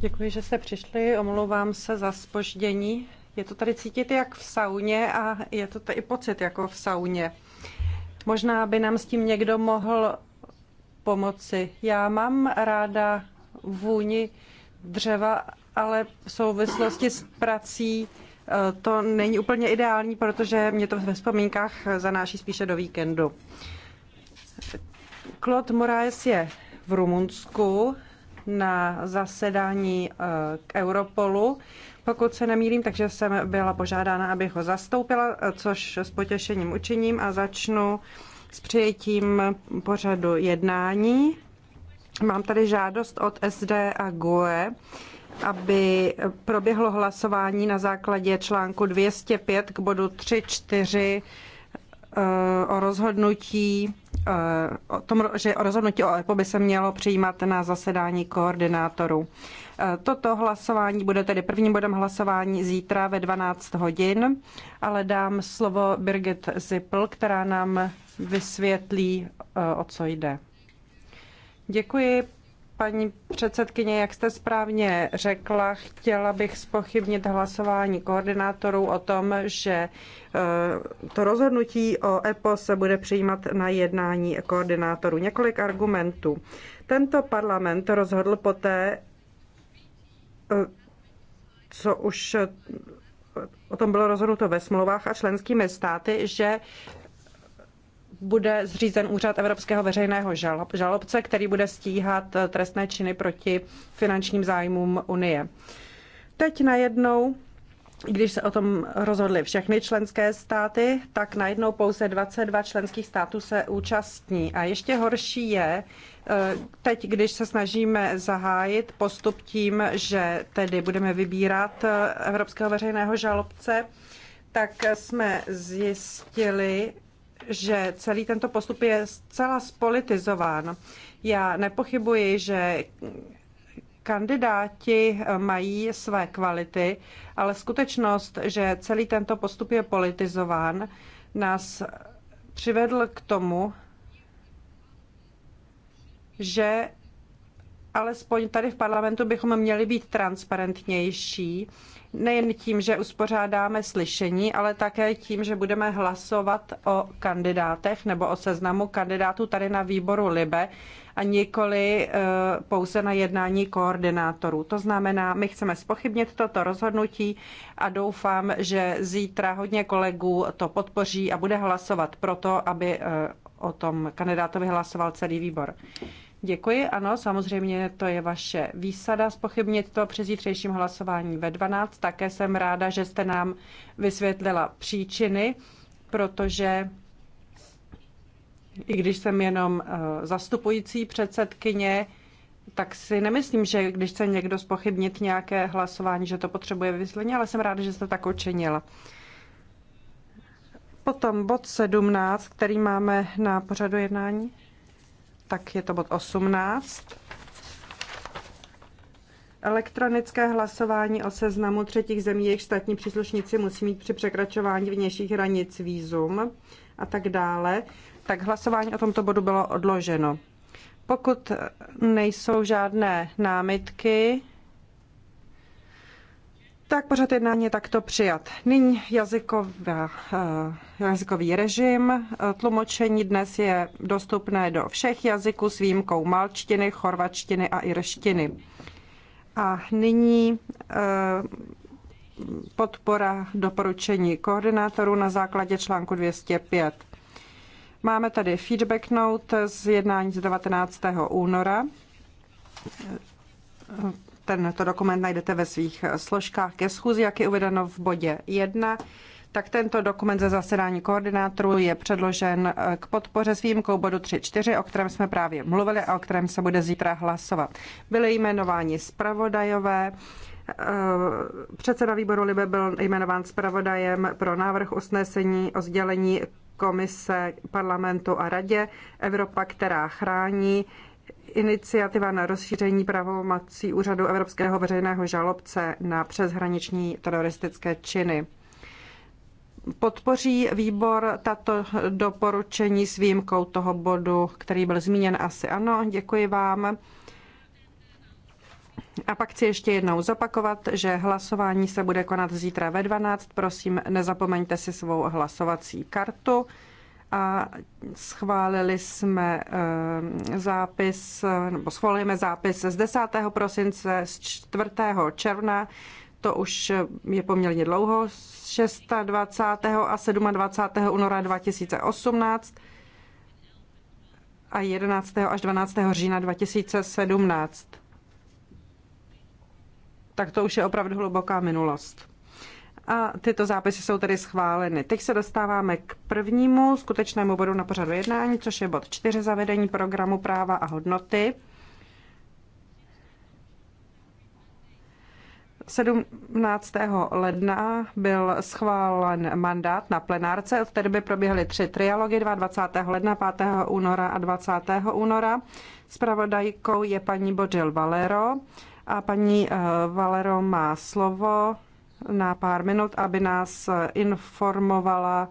Děkuji, že jste přišli. Omlouvám se za spoždění. Je to tady cítit jak v sauně a je to tady pocit jako v sauně. Možná by nám s tím někdo mohl pomoci. Já mám ráda vůni dřeva, ale v souvislosti s prací eh, to není úplně ideální, protože mě to ve vzpomínkách zanáší spíše do víkendu. Claude Moraes je v Rumunsku na zasedání eh, k Europolu, pokud se nemýlím, takže jsem byla požádána, abych ho zastoupila, eh, což s potěšením učiním a začnu s přijetím pořadu jednání. Mám tady žádost od SD a GUE, aby proběhlo hlasování na základě článku 205 k bodu 3.4 eh, o rozhodnutí Eh, o tom, že o rozhodnutí o EPO by se mělo přijímat na zasedání koordinátorů. Eh, toto hlasování bude tedy prvním bodem hlasování zítra ve 12 hodin, ale dám slovo Birgit Zippel, která nám vysvětlí, eh, o co jde. Děkuji, Paní předsedkyně, jak jste správně řekla, chtěla bych spochybnit hlasování koordinátorů o tom, že e, to rozhodnutí o EPO se bude přijímat na jednání koordinátorů. Několik argumentů. Tento parlament rozhodl poté, e, co už o tom bylo rozhodnuto ve smlouvách a členskými státy, že bude zřízen úřad Evropského veřejného žalobce, který bude stíhat eh, trestné činy proti finančním zájmům Unie. Teď najednou když se o tom rozhodly všechny členské státy, tak najednou pouze 22 členských států se účastní. A ještě horší je, eh, teď, když se snažíme zahájit postup tím, že tedy budeme vybírat eh, Evropského veřejného žalobce, tak jsme zjistili, že celý tento postup je zcela spolitizován. Já nepochybuji, že kandidáti eh, mají své kvality, ale skutečnost, že celý tento postup je politizován, nás přivedl k tomu, že alespoň tady v parlamentu bychom měli být transparentnější, nejen tím, že uspořádáme slyšení, ale také tím, že budeme hlasovat o kandidátech nebo o seznamu kandidátů tady na výboru LIBE a nikoli e, pouze na jednání koordinátorů. To znamená, my chceme spochybnit toto rozhodnutí a doufám, že zítra hodně kolegů to podpoří a bude hlasovat proto, aby e, o tom kandidátovi hlasoval celý výbor. Děkuji, ano, samozřejmě to je vaše výsada spochybnit to při zítřejším hlasování ve 12. Také jsem ráda, že jste nám vysvětlila příčiny, protože i když jsem jenom eh, zastupující předsedkyně, tak si nemyslím, že když chce někdo spochybnit nějaké hlasování, že to potřebuje vysvětlení, ale jsem ráda, že jste tak učinila. Potom bod 17, který máme na pořadu jednání tak je to bod 18. Elektronické hlasování o seznamu třetích zemí, jejich státní příslušníci musí mít při překračování vnějších hranic výzum a tak dále. Tak hlasování o tomto bodu bylo odloženo. Pokud nejsou žádné námitky, tak pořád jednání je takto přijat. Nyní jazyková, eh, jazykový režim. Tlumočení dnes je dostupné do všech jazyků s výjimkou malčtiny, chorvačtiny a irštiny. A nyní eh, podpora doporučení koordinátorů na základě článku 205. Máme tady feedback note z jednání z 19. února tento dokument najdete ve svých eh, složkách ke schůzi, jak je uvedeno v bodě 1. Tak tento dokument ze zasedání koordinátorů je předložen eh, k podpoře s výjimkou bodu 3.4, o kterém jsme právě mluvili a o kterém se bude zítra hlasovat. Byly jmenováni zpravodajové. Eh, předseda výboru Libe byl jmenován zpravodajem pro návrh usnesení o sdělení Komise parlamentu a radě Evropa, která chrání iniciativa na rozšíření pravomocí úřadu Evropského veřejného žalobce na přeshraniční teroristické činy. Podpoří výbor tato doporučení s výjimkou toho bodu, který byl zmíněn asi ano, děkuji vám. A pak chci ještě jednou zopakovat, že hlasování se bude konat zítra ve 12. Prosím, nezapomeňte si svou hlasovací kartu a schválili jsme eh, zápis, nebo schválíme zápis z 10. prosince, z 4. června, to už je poměrně dlouho, z 26. a 27. února 2018 a 11. až 12. října 2017. Tak to už je opravdu hluboká minulost a tyto zápisy jsou tedy schváleny. Teď se dostáváme k prvnímu skutečnému bodu na pořadu jednání, což je bod 4 zavedení programu práva a hodnoty. 17. ledna byl schválen mandát na plenárce, od té doby proběhly tři trialogy, 22. ledna, 5. února a 20. února. Spravodajkou je paní Bodil Valero a paní eh, Valero má slovo na pár minut, aby nás informovala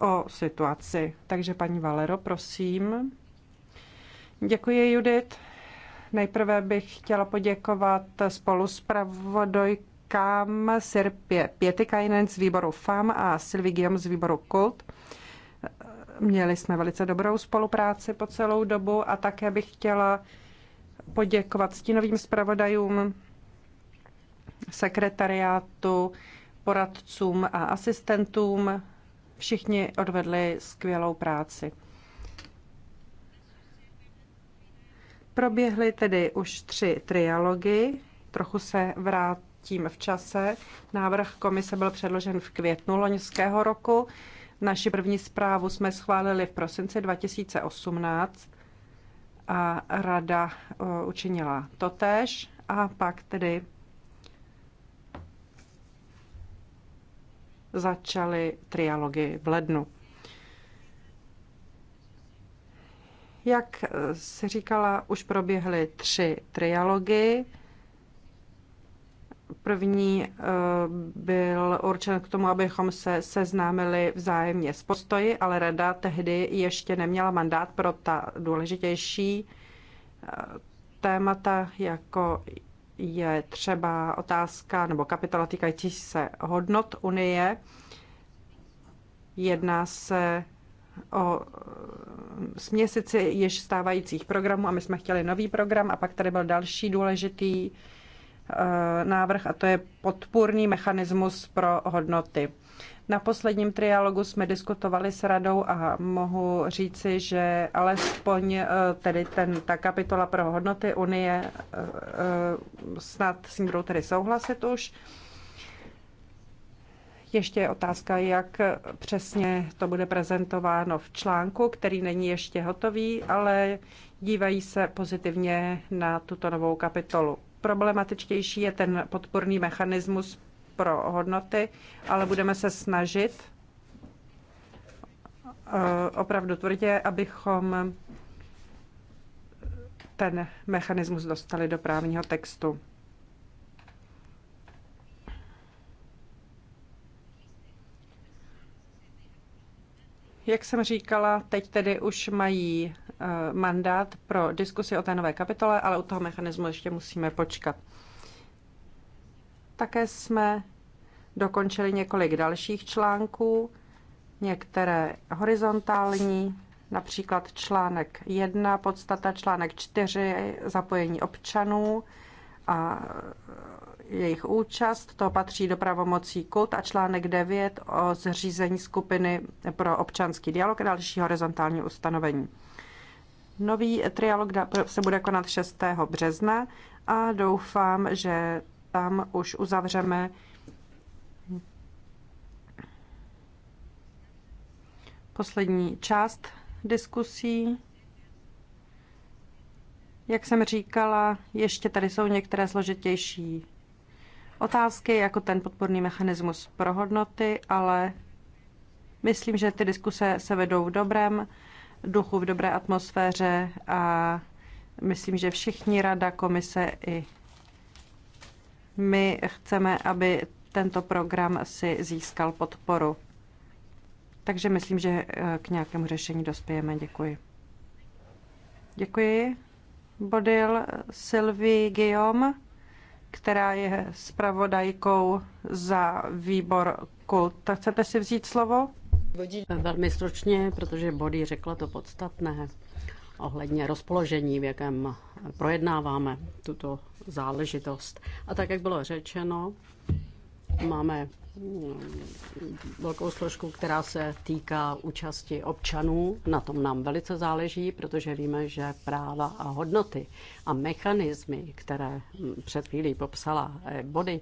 o situaci. Takže paní Valero, prosím. Děkuji, Judit. Nejprve bych chtěla poděkovat spolu s pravodojkám Sirpě Pětikajnen z výboru FAM a Sylvie Guillaume z výboru KULT. Měli jsme velice dobrou spolupráci po celou dobu a také bych chtěla poděkovat stínovým zpravodajům sekretariátu, poradcům a asistentům. Všichni odvedli skvělou práci. Proběhly tedy už tři trialogy, trochu se vrátím v čase. Návrh komise byl předložen v květnu loňského roku. Naši první zprávu jsme schválili v prosinci 2018 a rada eh, učinila totéž a pak tedy začaly trialogy v lednu. Jak se říkala, už proběhly tři trialogy. První eh, byl určen k tomu, abychom se seznámili vzájemně s postoji, ale rada tehdy ještě neměla mandát pro ta důležitější eh, témata, jako je třeba otázka nebo kapitola týkající se hodnot Unie. Jedná se o eh, směsici již stávajících programů a my jsme chtěli nový program a pak tady byl další důležitý eh, návrh a to je podpůrný mechanismus pro hodnoty. Na posledním trialogu jsme diskutovali s radou a mohu říci, že alespoň eh, tedy ten, ta kapitola pro hodnoty Unie eh, eh, snad s ní budou tedy souhlasit už. Ještě je otázka, jak přesně to bude prezentováno v článku, který není ještě hotový, ale dívají se pozitivně na tuto novou kapitolu. Problematičtější je ten podporný mechanismus pro hodnoty, ale budeme se snažit eh, opravdu tvrdě, abychom ten mechanismus dostali do právního textu. Jak jsem říkala, teď tedy už mají eh, mandát pro diskusi o té nové kapitole, ale u toho mechanismu ještě musíme počkat. Také jsme dokončili několik dalších článků, některé horizontální, například článek 1, podstata článek 4, zapojení občanů a jejich účast, to patří do pravomocí KUT a článek 9 o zřízení skupiny pro občanský dialog a další horizontální ustanovení. Nový trialog se bude konat 6. března a doufám, že tam už uzavřeme poslední část diskusí. Jak jsem říkala, ještě tady jsou některé složitější otázky, jako ten podporný mechanismus pro hodnoty, ale myslím, že ty diskuse se vedou v dobrém duchu, v dobré atmosféře a myslím, že všichni rada, komise i my chceme, aby tento program si získal podporu. Takže myslím, že eh, k nějakému řešení dospějeme. Děkuji. Děkuji. Bodil eh, Sylvie Guillaume, která je spravodajkou za výbor KULT. Chcete si vzít slovo? Velmi stručně, protože Body řekla to podstatné ohledně rozpoložení, v jakém projednáváme tuto záležitost. A tak, jak bylo řečeno, máme velkou složku, která se týká účasti občanů. Na tom nám velice záleží, protože víme, že práva a hodnoty a mechanismy, které před chvílí popsala Body,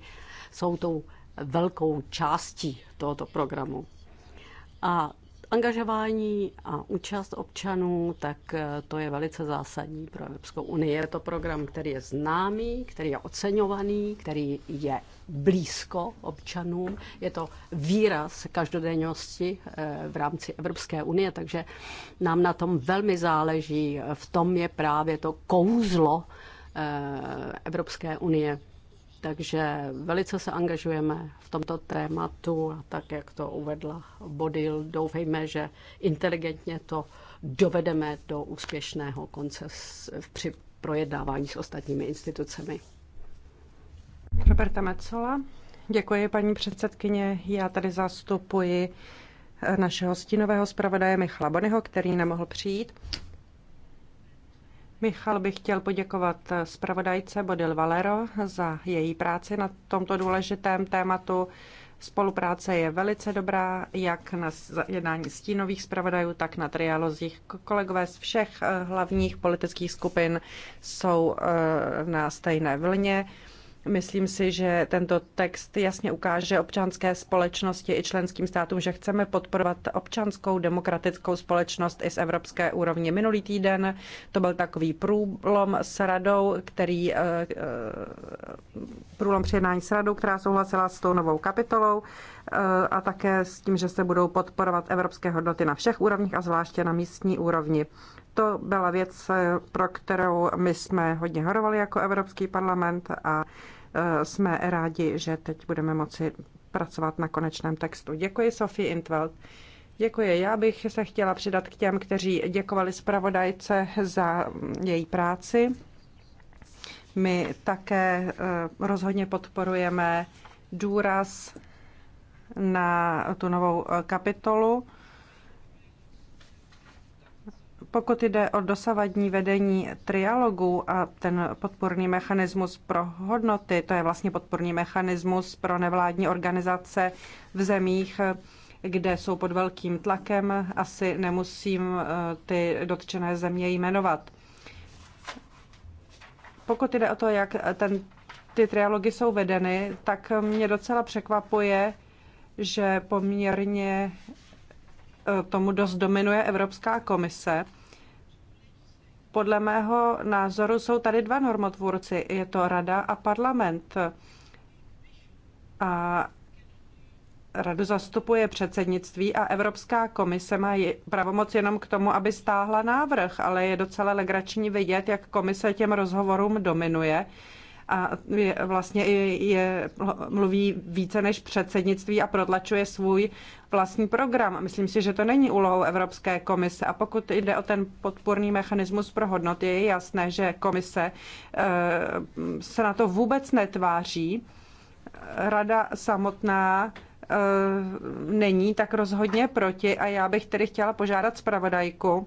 jsou tou velkou částí tohoto programu. A Angažování a účast občanů, tak eh, to je velice zásadní pro Evropskou unii. Je to program, který je známý, který je oceňovaný, který je blízko občanům. Je to výraz každodennosti eh, v rámci Evropské unie, takže nám na tom velmi záleží. V tom je právě to kouzlo eh, Evropské unie. Takže velice se angažujeme v tomto tématu a tak, jak to uvedla Bodil, doufejme, že inteligentně to dovedeme do úspěšného konce při projednávání s ostatními institucemi. Roberta Mecola. Děkuji, paní předsedkyně. Já tady zastupuji našeho stínového zpravodaje Michala Bonyho, který nemohl přijít. Michal bych chtěl poděkovat zpravodajce Bodil Valero za její práci na tomto důležitém tématu. Spolupráce je velice dobrá, jak na jednání stínových zpravodajů, tak na trialozích. Kolegové z všech eh, hlavních politických skupin jsou eh, na stejné vlně. Myslím si, že tento text jasně ukáže občanské společnosti i členským státům, že chceme podporovat občanskou demokratickou společnost i z evropské úrovně. Minulý týden to byl takový průlom s radou, který eh, eh, průlom přijednání s radou, která souhlasila s tou novou kapitolou a také s tím, že se budou podporovat evropské hodnoty na všech úrovních a zvláště na místní úrovni. To byla věc, eh, pro kterou my jsme hodně horovali jako Evropský parlament a eh, jsme rádi, že teď budeme moci pracovat na konečném textu. Děkuji, Sofie Intveld. Děkuji. Já bych se chtěla přidat k těm, kteří děkovali zpravodajce za mm, její práci. My také eh, rozhodně podporujeme důraz na tu novou eh, kapitolu. Pokud jde o dosavadní vedení trialogu a ten podporný mechanismus pro hodnoty, to je vlastně podporný mechanismus pro nevládní organizace v zemích, kde jsou pod velkým tlakem, asi nemusím eh, ty dotčené země jmenovat. Pokud jde o to, jak ten, ty trialogy jsou vedeny, tak mě docela překvapuje, že poměrně e, tomu dost dominuje Evropská komise. Podle mého názoru jsou tady dva normotvůrci. Je to Rada a parlament. A Radu zastupuje předsednictví a Evropská komise má pravomoc jenom k tomu, aby stáhla návrh, ale je docela legrační vidět, jak komise těm rozhovorům dominuje a je, vlastně je, je, mluví více než předsednictví a protlačuje svůj vlastní program. Myslím si, že to není úlohou Evropské komise. A pokud jde o ten podporný mechanismus pro hodnoty, je jasné, že komise eh, se na to vůbec netváří. Rada samotná eh, není tak rozhodně proti a já bych tedy chtěla požádat zpravodajku,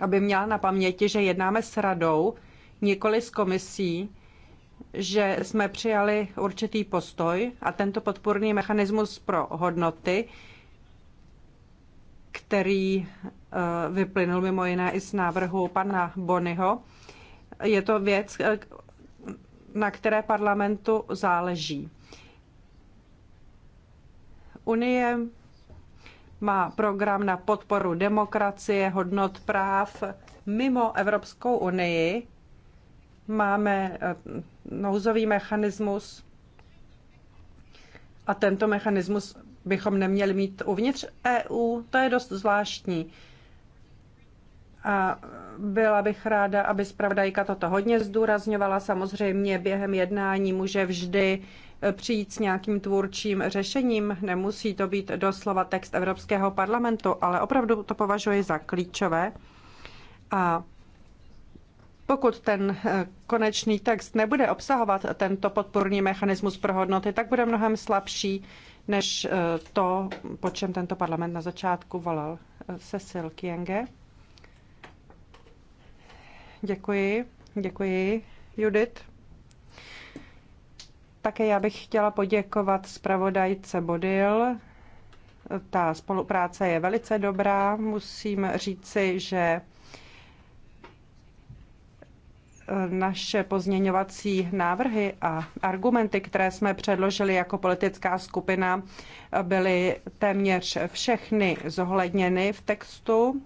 aby měla na paměti, že jednáme s radou, nikoli s komisí že jsme přijali určitý postoj a tento podporný mechanismus pro hodnoty, který eh, vyplynul mimo jiné i z návrhu pana Bonyho, je to věc, eh, na které parlamentu záleží. Unie má program na podporu demokracie, hodnot práv mimo Evropskou unii máme eh, nouzový mechanismus a tento mechanismus bychom neměli mít uvnitř EU, to je dost zvláštní. A byla bych ráda, aby zpravodajka toto hodně zdůrazňovala. Samozřejmě během jednání může vždy eh, přijít s nějakým tvůrčím řešením. Nemusí to být doslova text Evropského parlamentu, ale opravdu to považuji za klíčové. A pokud ten eh, konečný text nebude obsahovat tento podporný mechanismus pro hodnoty, tak bude mnohem slabší než eh, to, po čem tento parlament na začátku volal. Eh, Cecil Kienge. Děkuji, děkuji, Judith. Také já bych chtěla poděkovat zpravodajce Bodil. Ta spolupráce je velice dobrá. Musím říci, že naše pozměňovací návrhy a argumenty, které jsme předložili jako politická skupina, byly téměř všechny zohledněny v textu.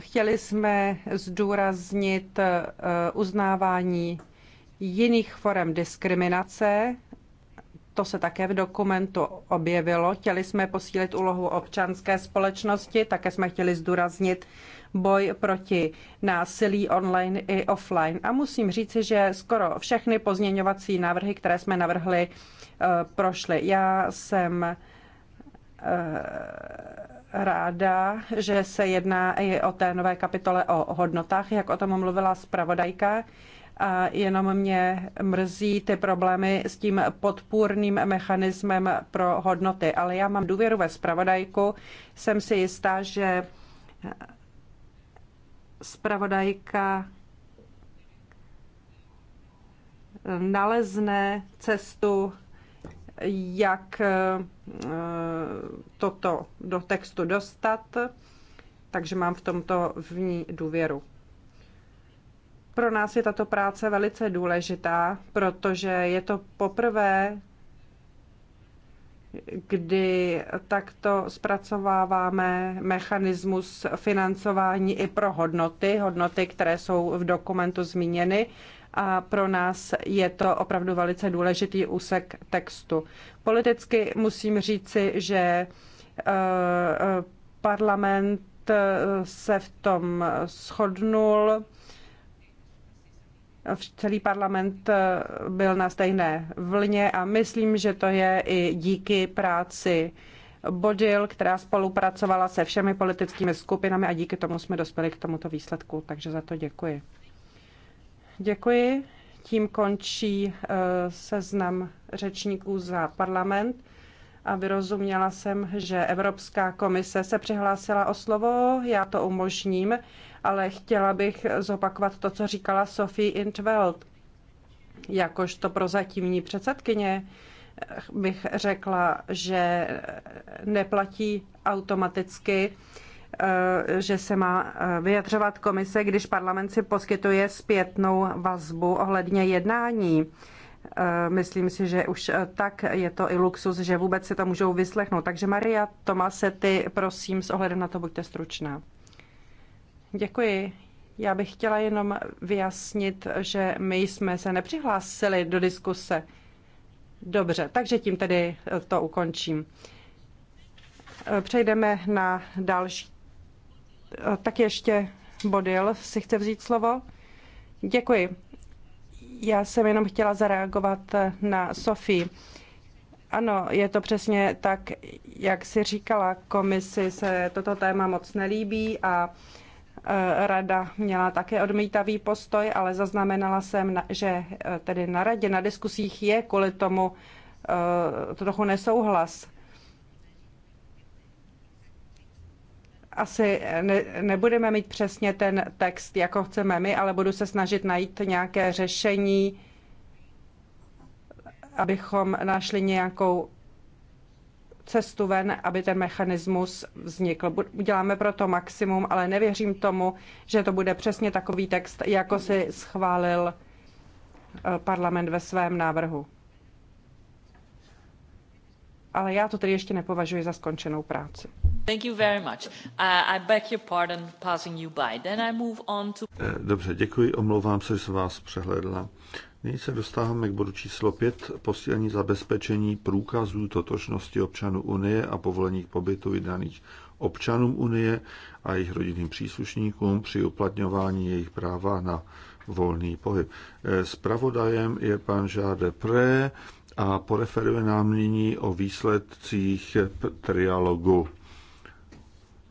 Chtěli jsme zdůraznit eh, uznávání jiných forem diskriminace to se také v dokumentu objevilo. Chtěli jsme posílit úlohu občanské společnosti, také jsme chtěli zdůraznit boj proti násilí online i offline. A musím říci, že skoro všechny pozměňovací návrhy, které jsme navrhli, eh, prošly. Já jsem eh, ráda, že se jedná i o té nové kapitole o hodnotách, jak o tom mluvila zpravodajka a jenom mě mrzí ty problémy s tím podpůrným mechanismem pro hodnoty. Ale já mám důvěru ve spravodajku, jsem si jistá, že spravodajka nalezne cestu, jak eh, toto do textu dostat, takže mám v tomto v ní důvěru. Pro nás je tato práce velice důležitá, protože je to poprvé, kdy takto zpracováváme mechanismus financování i pro hodnoty, hodnoty, které jsou v dokumentu zmíněny. A pro nás je to opravdu velice důležitý úsek textu. Politicky musím říci, že eh, eh, parlament eh, se v tom shodnul celý parlament eh, byl na stejné vlně a myslím, že to je i díky práci Bodil, která spolupracovala se všemi politickými skupinami a díky tomu jsme dospěli k tomuto výsledku, takže za to děkuji. Děkuji. Tím končí eh, seznam řečníků za parlament a vyrozuměla jsem, že Evropská komise se přihlásila o slovo, já to umožním ale chtěla bych zopakovat to, co říkala Sophie Intveld. Jakožto prozatímní předsedkyně bych řekla, že neplatí automaticky, eh, že se má eh, vyjadřovat komise, když parlament si poskytuje zpětnou vazbu ohledně jednání. Eh, myslím si, že už tak je to i luxus, že vůbec si to můžou vyslechnout. Takže Maria Tomasety, prosím, s ohledem na to buďte stručná. Děkuji. Já bych chtěla jenom vyjasnit, že my jsme se nepřihlásili do diskuse. Dobře, takže tím tedy eh, to ukončím. Eh, přejdeme na další. Eh, tak ještě Bodil si chce vzít slovo. Děkuji. Já jsem jenom chtěla zareagovat na Sofii. Ano, je to přesně tak, jak si říkala, komisi se toto téma moc nelíbí a Eh, rada měla také odmítavý postoj, ale zaznamenala jsem, že eh, tedy na radě, na diskusích je kvůli tomu eh, trochu nesouhlas. Asi ne, nebudeme mít přesně ten text, jako chceme my, ale budu se snažit najít nějaké řešení, abychom našli nějakou cestu ven, aby ten mechanismus vznikl. Uděláme to maximum, ale nevěřím tomu, že to bude přesně takový text, jako si schválil eh, parlament ve svém návrhu. Ale já to tedy ještě nepovažuji za skončenou práci. Uh, eh, dobře, děkuji, omlouvám se, že jsem vás přehledla. Nyní se dostáváme k bodu číslo 5, posílení zabezpečení průkazů totožnosti občanů Unie a povolení k pobytu vydaných občanům Unie a jejich rodinným příslušníkům při uplatňování jejich práva na volný pohyb. Spravodajem eh, je pan Žáde Pré a poreferuje nám nyní o výsledcích trialogu.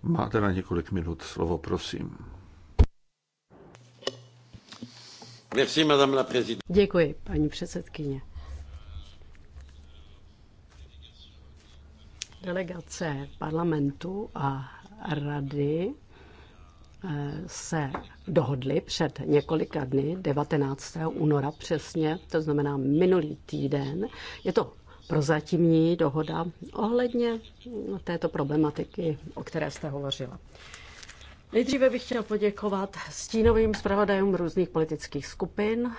Máte na několik minut slovo, prosím. Merci, madame la Děkuji, paní předsedkyně. Delegace parlamentu a rady eh, se dohodli před několika dny, 19. února přesně, to znamená minulý týden. Je to prozatímní dohoda ohledně této problematiky, o které jste hovořila. Nejdříve bych chtěl poděkovat stínovým zpravodajům různých politických skupin.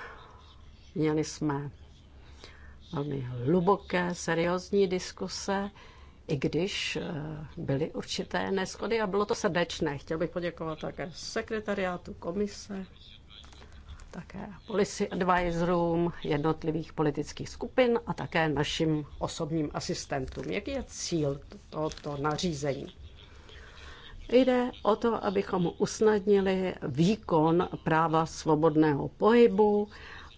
Měli jsme velmi hluboké, seriózní diskuse, i když eh, byly určité neschody a bylo to srdečné. Chtěl bych poděkovat také sekretariátu komise, také policy advisorům jednotlivých politických skupin a také našim osobním asistentům. Jaký je cíl tohoto nařízení? Jde o to, abychom usnadnili výkon práva svobodného pohybu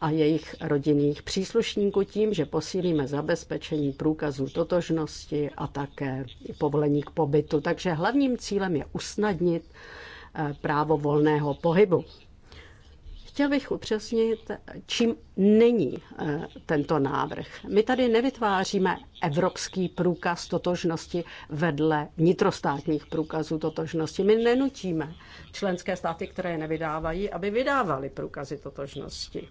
a jejich rodinných příslušníků tím, že posílíme zabezpečení průkazu totožnosti a také povolení k pobytu. Takže hlavním cílem je usnadnit eh, právo volného pohybu. Chtěl bych upřesnit, čím není eh, tento návrh. My tady nevytváříme evropský průkaz totožnosti vedle vnitrostátních průkazů totožnosti. My nenutíme členské státy, které nevydávají, aby vydávali průkazy totožnosti.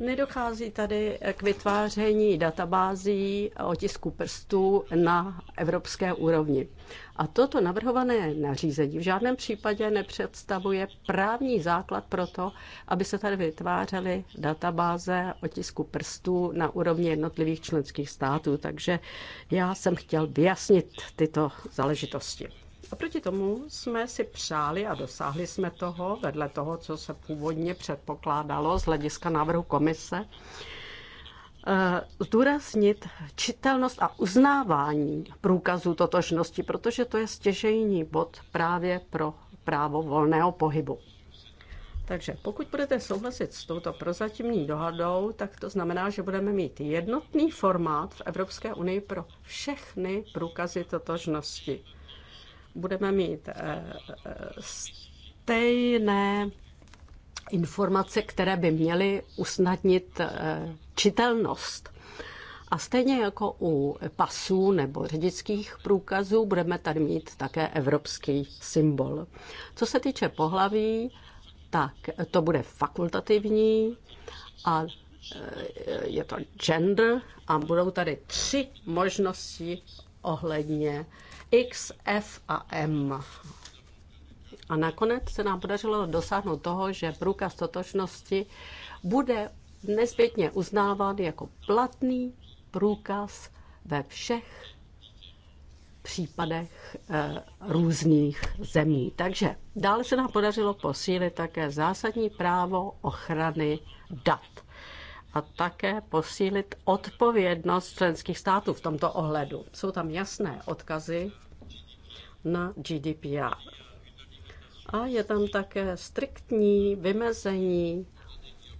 Nedochází tady k vytváření databází otisku prstů na evropské úrovni. A toto navrhované nařízení v žádném případě nepředstavuje právní základ pro to, aby se tady vytvářely databáze otisku prstů na úrovni jednotlivých členských států. Takže já jsem chtěl vyjasnit tyto záležitosti. A proti tomu jsme si přáli a dosáhli jsme toho, vedle toho, co se původně předpokládalo z hlediska návrhu komise, eh, zdůraznit čitelnost a uznávání průkazů totožnosti, protože to je stěžejní bod právě pro právo volného pohybu. Takže pokud budete souhlasit s touto prozatímní dohadou, tak to znamená, že budeme mít jednotný formát v Evropské unii pro všechny průkazy totožnosti budeme mít eh, stejné informace, které by měly usnadnit eh, čitelnost. A stejně jako u pasů nebo řidičských průkazů budeme tady mít také evropský symbol. Co se týče pohlaví, tak to bude fakultativní a eh, je to gender a budou tady tři možnosti ohledně X, F a M. A nakonec se nám podařilo dosáhnout toho, že průkaz totožnosti bude nezbytně uznáván jako platný průkaz ve všech případech eh, různých zemí. Takže dále se nám podařilo posílit také zásadní právo ochrany dat a také posílit odpovědnost členských států v tomto ohledu. Jsou tam jasné odkazy na GDPR. A je tam také striktní vymezení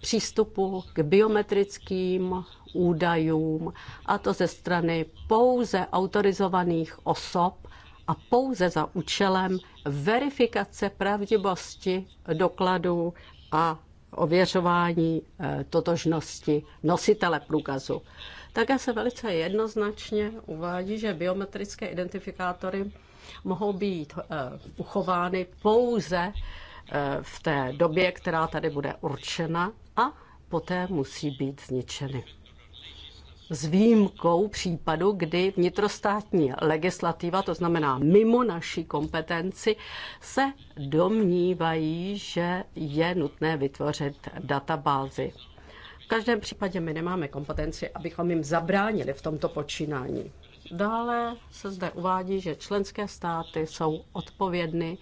přístupu k biometrickým údajům, a to ze strany pouze autorizovaných osob a pouze za účelem verifikace pravdivosti dokladů a ověřování eh, totožnosti nositele průkazu. Také se velice jednoznačně uvádí, že biometrické identifikátory mohou být eh, uchovány pouze eh, v té době, která tady bude určena a poté musí být zničeny s výjimkou případu, kdy vnitrostátní legislativa, to znamená mimo naší kompetenci, se domnívají, že je nutné vytvořit databázy. V každém případě my nemáme kompetenci, abychom jim zabránili v tomto počínání. Dále se zde uvádí, že členské státy jsou odpovědny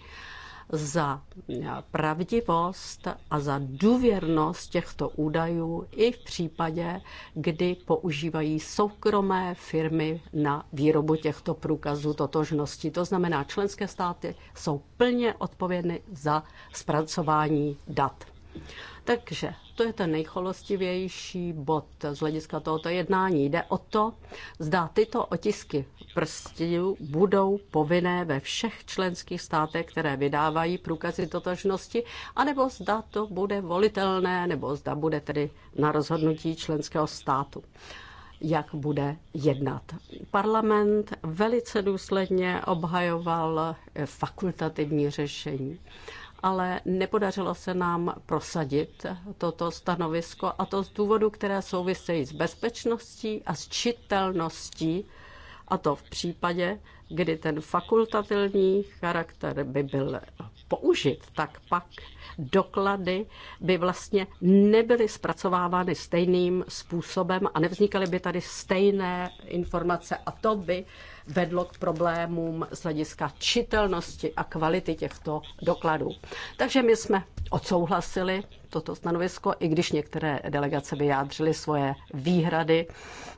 za eh, pravdivost a za důvěrnost těchto údajů i v případě, kdy používají soukromé firmy na výrobu těchto průkazů totožnosti. To znamená, členské státy jsou plně odpovědny za zpracování dat. Takže to je ten nejcholostivější bod z hlediska tohoto jednání. Jde o to, zda tyto otisky prstů budou povinné ve všech členských státech, které vydávají průkazy totožnosti, anebo zda to bude volitelné, nebo zda bude tedy na rozhodnutí členského státu jak bude jednat. Parlament velice důsledně obhajoval fakultativní řešení ale nepodařilo se nám prosadit toto stanovisko a to z důvodu, které souvisejí s bezpečností a s čitelností a to v případě, kdy ten fakultativní charakter by byl použit, tak pak doklady by vlastně nebyly zpracovávány stejným způsobem a nevznikaly by tady stejné informace a to by vedlo k problémům z hlediska čitelnosti a kvality těchto dokladů. Takže my jsme odsouhlasili toto stanovisko, i když některé delegace vyjádřily svoje výhrady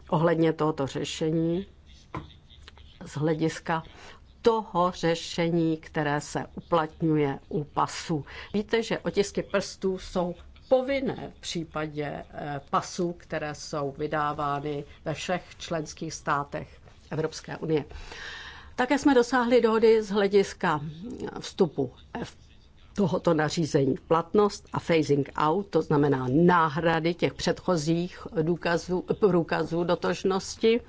ohledně tohoto řešení z hlediska toho řešení, které se uplatňuje u pasu. Víte, že otisky prstů jsou povinné v případě eh, pasů, které jsou vydávány ve všech členských státech Evropské unie. Také jsme dosáhli dohody z hlediska vstupu F tohoto nařízení v platnost a phasing out, to znamená náhrady těch předchozích důkazů, průkazů dotožnosti.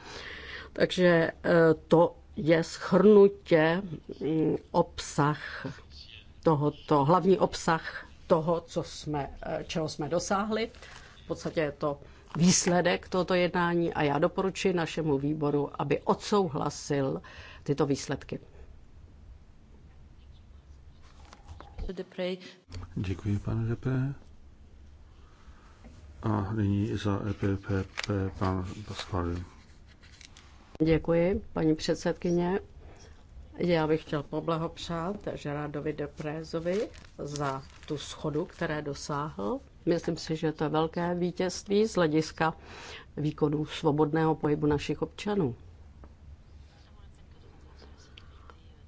Takže eh, to je schrnutě mm, obsah tohoto, hlavní obsah toho, co jsme, eh, čeho jsme dosáhli. V podstatě je to výsledek tohoto jednání a já doporučuji našemu výboru, aby odsouhlasil tyto výsledky. Děkuji, pane Depe. A nyní za EPPP pan Pasquale. Děkuji, paní předsedkyně. Já bych chtěl poblahopřát Gerardovi Deprézovi za tu schodu, které dosáhl. Myslím si, že to je velké vítězství z hlediska výkonu svobodného pohybu našich občanů.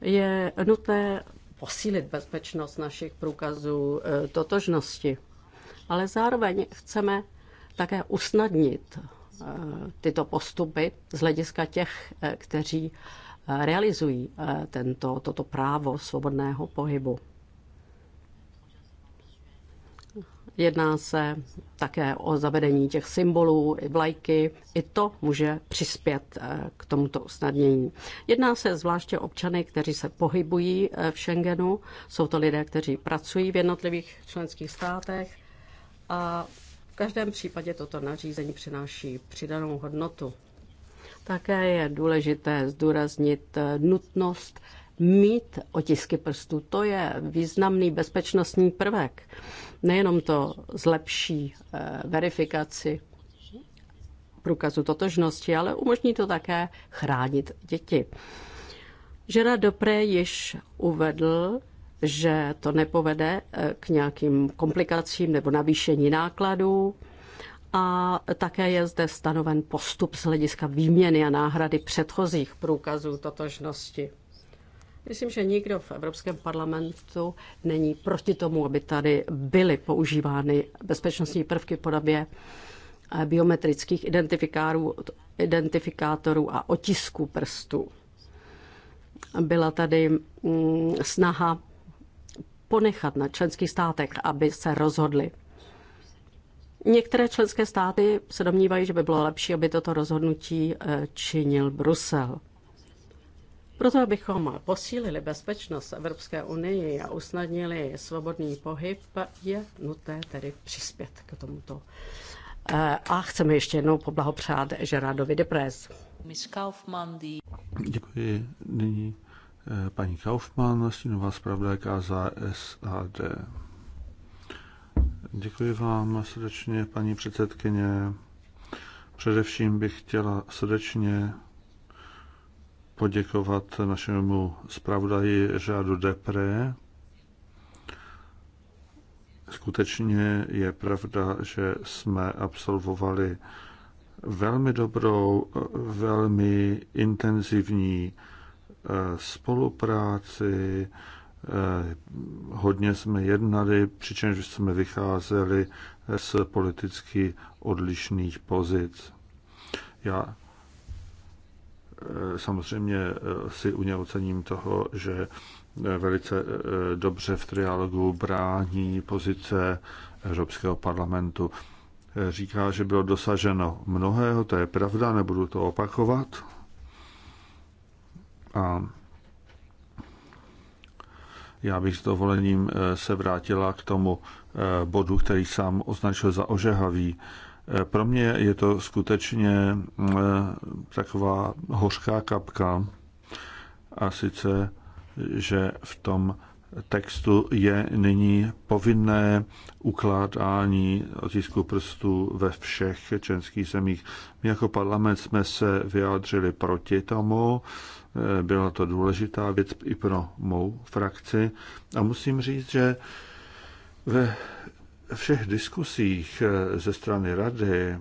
Je nutné posílit bezpečnost našich průkazů eh, totožnosti, ale zároveň chceme také usnadnit Eh, tyto postupy z hlediska těch, eh, kteří eh, realizují tento, toto právo svobodného pohybu. Jedná se také o zavedení těch symbolů, i vlajky. I to může přispět k tomuto usnadnění. Jedná se zvláště občany, kteří se pohybují v Schengenu. Jsou to lidé, kteří pracují v jednotlivých členských státech a v každém případě toto nařízení přináší přidanou hodnotu. Také je důležité zdůraznit nutnost mít otisky prstů. To je významný bezpečnostní prvek. Nejenom to zlepší eh, verifikaci průkazu totožnosti, ale umožní to také chránit děti. Žera Dopré již uvedl, že to nepovede eh, k nějakým komplikacím nebo navýšení nákladů. A také je zde stanoven postup z hlediska výměny a náhrady předchozích průkazů totožnosti. Myslím, že nikdo v Evropském parlamentu není proti tomu, aby tady byly používány bezpečnostní prvky v podobě eh, biometrických identifikátorů a otisků prstů. Byla tady mm, snaha ponechat na členských státech, aby se rozhodli. Některé členské státy se domnívají, že by bylo lepší, aby toto rozhodnutí eh, činil Brusel. Proto, abychom posílili bezpečnost Evropské unii a usnadnili svobodný pohyb, je nutné tedy přispět k tomuto. Eh, a chceme ještě jednou poblahopřát Gerardovi Depres. Děkuji. Nyní paní Kaufmann, stínová zpravodajka za SAD. Děkuji vám srdečně, paní předsedkyně. Především bych chtěla srdečně poděkovat našemu zpravodaji řádu Depre. Skutečně je pravda, že jsme absolvovali velmi dobrou, velmi intenzivní spolupráci, eh, hodně jsme jednali, přičemž jsme vycházeli z politicky odlišných pozic. Já eh, samozřejmě eh, si u něj ocením toho, že velice dobře v trialogu brání pozice Evropského parlamentu. Říká, že bylo dosaženo mnohého, to je pravda, nebudu to opakovat. A já bych s dovolením eh, se vrátila k tomu eh, bodu, který sám označil za ožehavý. Eh, pro mě je to skutečně taková hořká kapka, a sice, že v tom textu je nyní povinné ukládání otisku prstů ve všech členských zemích. My jako parlament jsme se vyjádřili proti tomu. Eh, byla to důležitá věc i pro mou frakci. A musím říct, že ve všech diskusích eh, ze strany rady eh,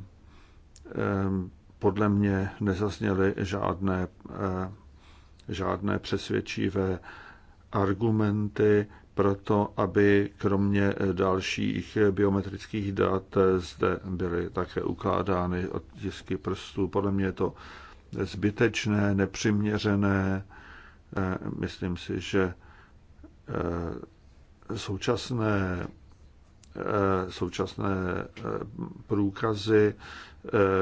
podle mě nezazněly žádné, žádné přesvědčivé argumenty pro to, aby kromě dalších biometrických dat zde byly také ukládány otisky prstů. Podle mě je to zbytečné, nepřiměřené. Eh, myslím si, že eh, současné, eh, současné průkazy,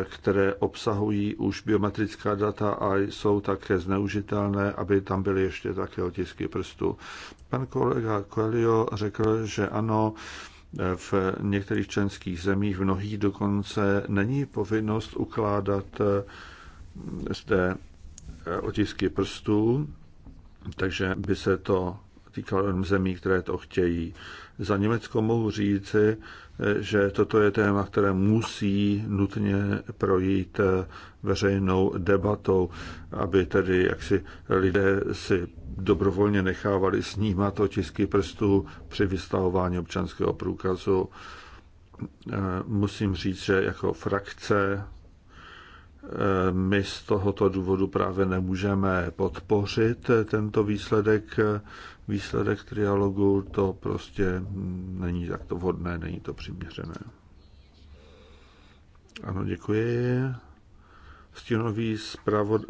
které obsahují už biometrická data a jsou také zneužitelné, aby tam byly ještě také otisky prstů. Pan kolega Coelho řekl, že ano, v některých členských zemích, v mnohých dokonce, není povinnost ukládat zde eh, otisky prstů, takže by se to týkalo jenom zemí, které to chtějí. Za Německo mohu říci, eh, že toto je téma, které musí nutně projít eh, veřejnou debatou, aby tedy jaksi lidé si dobrovolně nechávali snímat otisky prstů při vystavování občanského průkazu. Musím říct, že jako frakce my z tohoto důvodu právě nemůžeme podpořit tento výsledek, výsledek trialogu, to prostě není takto vhodné, není to přiměřené. Ano, děkuji. Stínový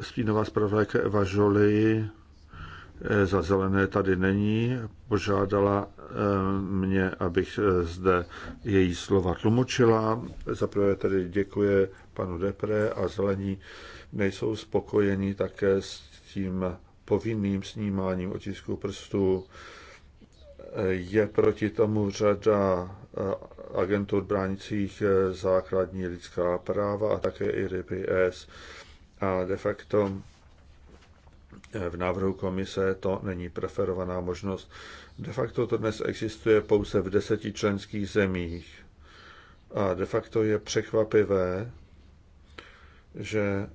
stínová zpravodajka Eva Žoli Eh, za zelené tady není, požádala eh, mě, abych eh, zde její slova tlumočila. Zaprvé tedy děkuje panu Depre a zelení nejsou spokojeni také s tím povinným snímáním otisku prstů. Je proti tomu řada agentur bránících základní lidská práva a také i RPS. A de facto v návrhu komise to není preferovaná možnost. De facto to dnes existuje pouze v deseti členských zemích. A de facto je překvapivé, že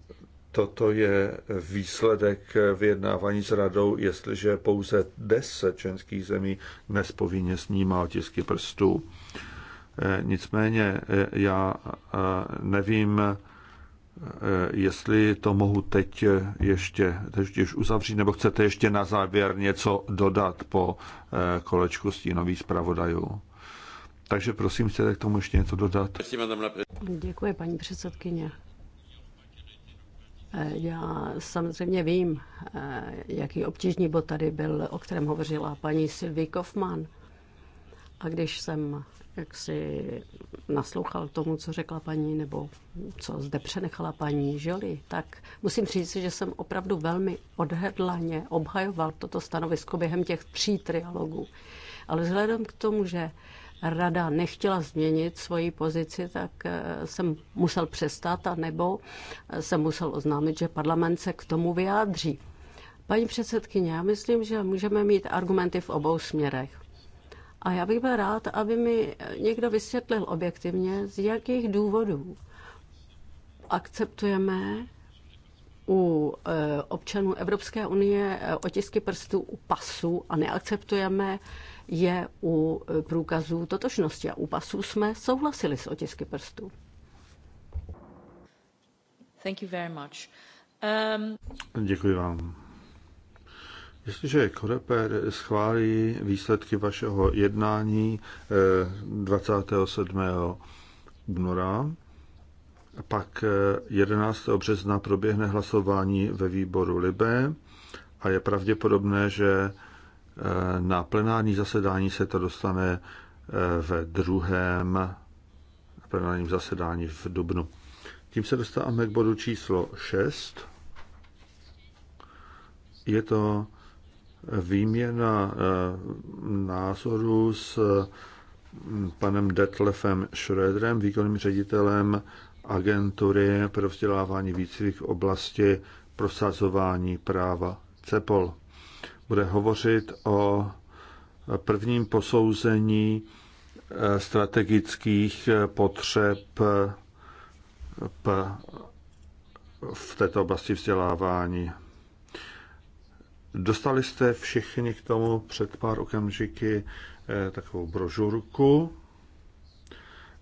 toto je výsledek vyjednávání s radou, jestliže pouze deset členských zemí dnes povinně snímá otisky prstů. E, nicméně e, já e, nevím, Eh, jestli to mohu teď ještě, teď už uzavřít, nebo chcete ještě na závěr něco dodat po eh, kolečku stínových zpravodajů. Takže prosím, chcete k tomu ještě něco dodat? Děkuji, paní předsedkyně. Eh, já samozřejmě vím, jaký obtížný bod tady byl, o kterém hovořila paní Sylvie Kaufmann. A když jsem jaksi naslouchal tomu, co řekla paní, nebo co zde přenechala paní Žoli, tak musím říct, že jsem opravdu velmi odhedlaně obhajoval toto stanovisko během těch tří trialogů. Ale vzhledem k tomu, že rada nechtěla změnit svoji pozici, tak eh, jsem musel přestat a nebo eh, jsem musel oznámit, že parlament se k tomu vyjádří. Paní předsedkyně, já myslím, že můžeme mít argumenty v obou směrech. A já bych byl rád, aby mi někdo vysvětlil objektivně, z jakých důvodů akceptujeme u eh, občanů Evropské unie eh, otisky prstů u pasu, a neakceptujeme je u eh, průkazů totožnosti. A u pasů jsme souhlasili s otisky prstů. Thank you very much. Um... Děkuji vám. Jestliže Koreper schválí výsledky vašeho jednání 27. Eh, února, pak 11. Eh, března proběhne hlasování ve výboru Libe a je pravděpodobné, že eh, na plenární zasedání se to dostane ve druhém plenárním zasedání v Dubnu. Tím se dostáváme k bodu číslo 6. Je to výměna eh, názorů s mm, panem Detlefem Schröderem, výkonným ředitelem agentury pro vzdělávání výcvik v oblasti prosazování práva CEPOL. Bude hovořit o prvním posouzení eh, strategických eh, potřeb v této oblasti vzdělávání. Dostali jste všichni k tomu před pár okamžiky eh, takovou brožurku.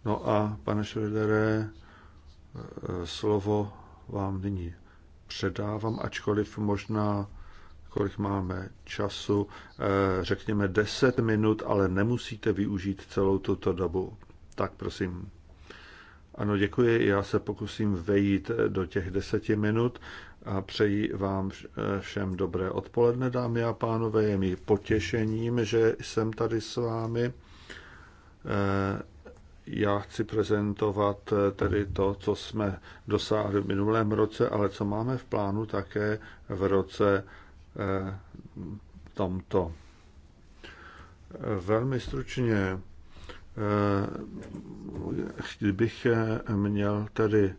No a, pane Švedere, eh, slovo vám nyní předávám, ačkoliv možná, kolik máme času, eh, řekněme 10 minut, ale nemusíte využít celou tuto dobu. Tak prosím. Ano, děkuji. Já se pokusím vejít do těch deseti minut a přeji vám všem dobré odpoledne, dámy a pánové. Je mi potěšením, že jsem tady s vámi. E, já chci prezentovat e, tedy to, co jsme dosáhli v minulém roce, ale co máme v plánu také v roce e, tomto. Velmi stručně bych měl tedy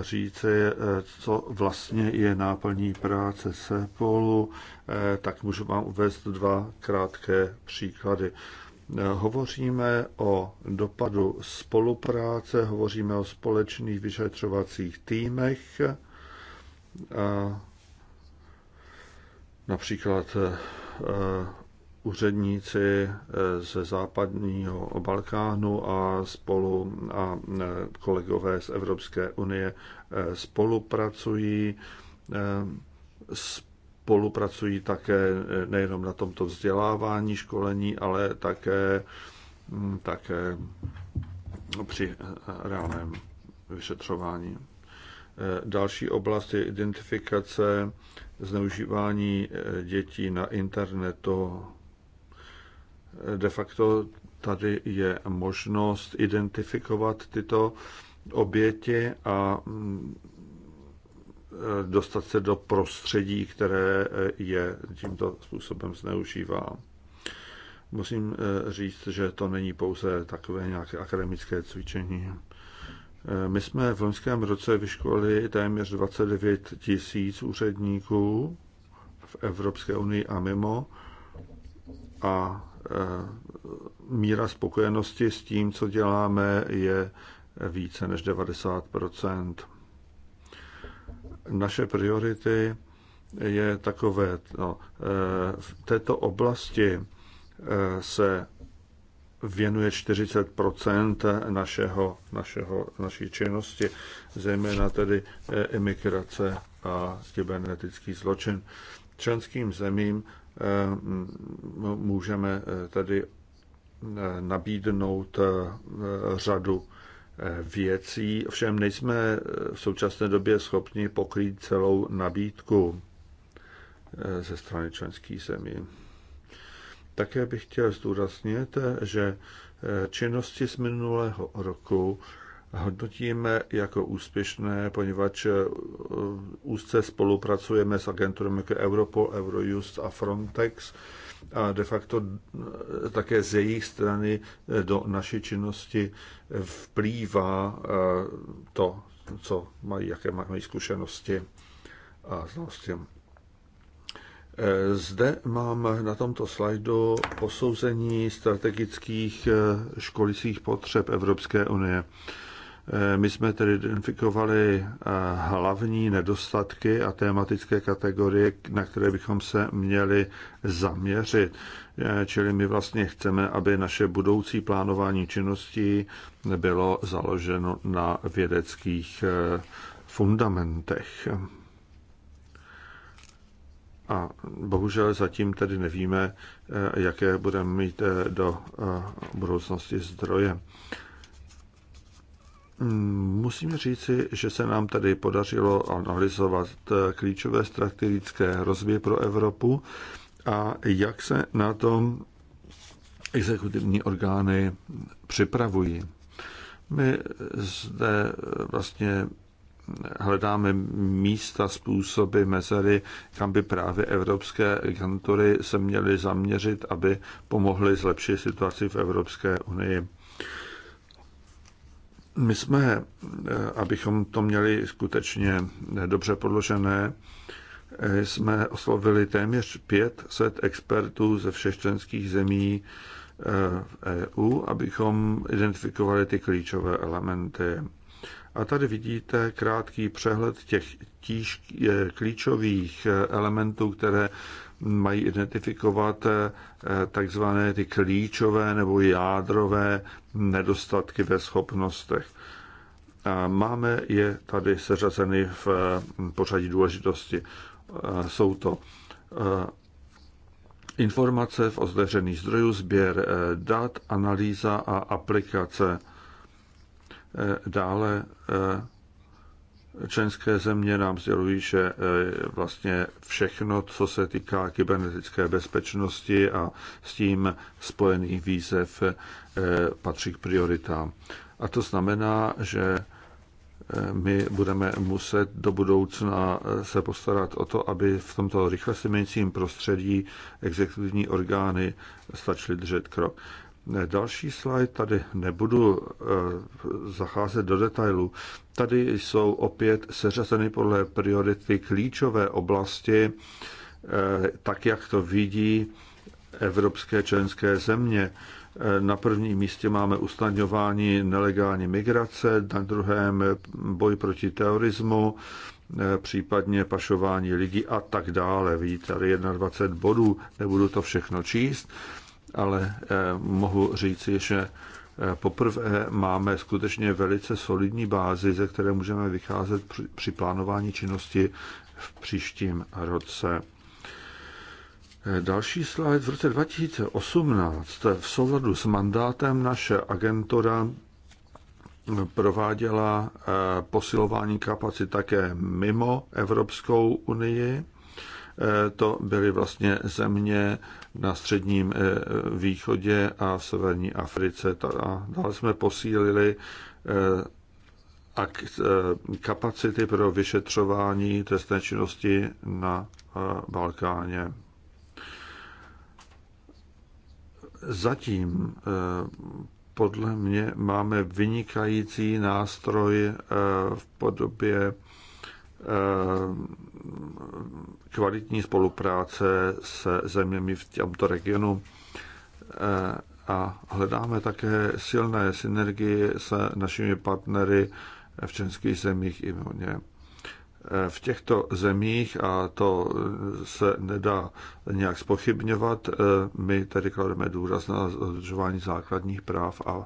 říci, eh, co vlastně je náplní práce SEPOLu, eh, tak můžu vám uvést dva krátké příklady. Eh, hovoříme o dopadu spolupráce, hovoříme o společných vyšetřovacích týmech, například úředníci eh, ze západního Balkánu a spolu a eh, kolegové z Evropské unie eh, spolupracují. Spolupracují také nejenom na tomto vzdělávání, školení, ale také, hm, také při reálném vyšetřování. Další oblast je identifikace zneužívání dětí na internetu De facto tady je možnost identifikovat tyto oběti a mm, dostat se do prostředí, které eh, je tímto způsobem zneužívá. Musím eh, říct, že to není pouze takové nějaké akademické cvičení. Eh, my jsme v loňském roce vyškolili téměř 29 tisíc úředníků v Evropské unii a mimo a Eh, míra spokojenosti s tím, co děláme, je více než 90 Naše priority je takové. No, v této oblasti eh, se věnuje 40 našeho, našeho, naší činnosti, zejména tedy imigrace a kybernetický zločin. Členským zemím Eh, můžeme eh, tedy eh, nabídnout řadu věcí, Všem nejsme v současné době schopni pokrýt celou nabídku ze strany členských zemí. Také bych chtěl zdůraznit, že činnosti z minulého roku hodnotíme jako úspěšné, poněvadž eh, úzce spolupracujeme s agenturami jako Europol, Eurojust a Frontex a de facto eh, také z jejich strany eh, do naší činnosti vplývá to, co mají, jaké mají zkušenosti a znalosti. Zde mám na tomto slajdu posouzení strategických školicích potřeb Evropské unie. Eh, my jsme tedy identifikovali eh, hlavní nedostatky a tematické kategorie, na které bychom se měli zaměřit. Eh, čili my vlastně chceme, aby naše budoucí plánování činností bylo založeno na vědeckých fundamentech. A bohužel zatím tedy nevíme, jaké budeme mít do budoucnosti zdroje. Musím říci, že se nám tady podařilo analyzovat eh, klíčové strategické hrozby pro Evropu a jak se na tom exekutivní orgány připravují. My zde eh, vlastně hledáme místa, způsoby, mezery, kam by právě evropské agentury se měly zaměřit, aby pomohly zlepšit situaci v Evropské unii. My jsme, eh, abychom to měli skutečně eh, dobře podložené, eh, jsme oslovili téměř 500 expertů ze všech členských zemí EU, e abychom identifikovali ty klíčové elementy. A tady vidíte krátký přehled těch tíž, klíčových elementů, které mají identifikovat eh, takzvané ty klíčové nebo jádrové nedostatky ve schopnostech. A máme je tady seřazeny v eh, pořadí důležitosti. Eh, jsou to informace v ozdeřených zdrojů, sběr dat, analýza a aplikace. Dále členské země nám sdělují, že eh, vlastně všechno, co se týká kybernetické bezpečnosti a s tím spojených výzev, eh, patří k prioritám. A to znamená, že eh, my budeme muset do budoucna se postarat o to, aby v tomto rychle se měnícím prostředí exekutivní orgány stačily držet krok. Další slide tady nebudu eh, zacházet do detailů. Tady jsou opět seřazeny podle priority klíčové oblasti, eh, tak jak to vidí evropské členské země. Eh, na prvním místě máme usnadňování nelegální migrace, na druhém boj proti terorismu, případně pašování lidí a tak dále. Vidíte tady 21 bodů, nebudu to všechno číst ale eh, mohu říci, že eh, poprvé máme skutečně velice solidní bázi, ze které můžeme vycházet při plánování činnosti v příštím roce. Eh, další slide. V roce 2018 v souladu s mandátem naše agentura prováděla posilování kapacit také mimo Evropskou unii Eh, to byly vlastně země na středním eh, východě a v severní Africe. A dále jsme posílili eh, kapacity pro vyšetřování trestné činnosti na Balkáně. Zatím podle mě máme vynikající nástroj v podobě Eh, kvalitní spolupráce se zeměmi v tomto regionu eh, a hledáme také silné synergie s našimi partnery v českých zemích i mimo ně. Eh, v těchto zemích, a to se nedá nějak spochybňovat, my tedy klademe důraz na dodržování základních práv a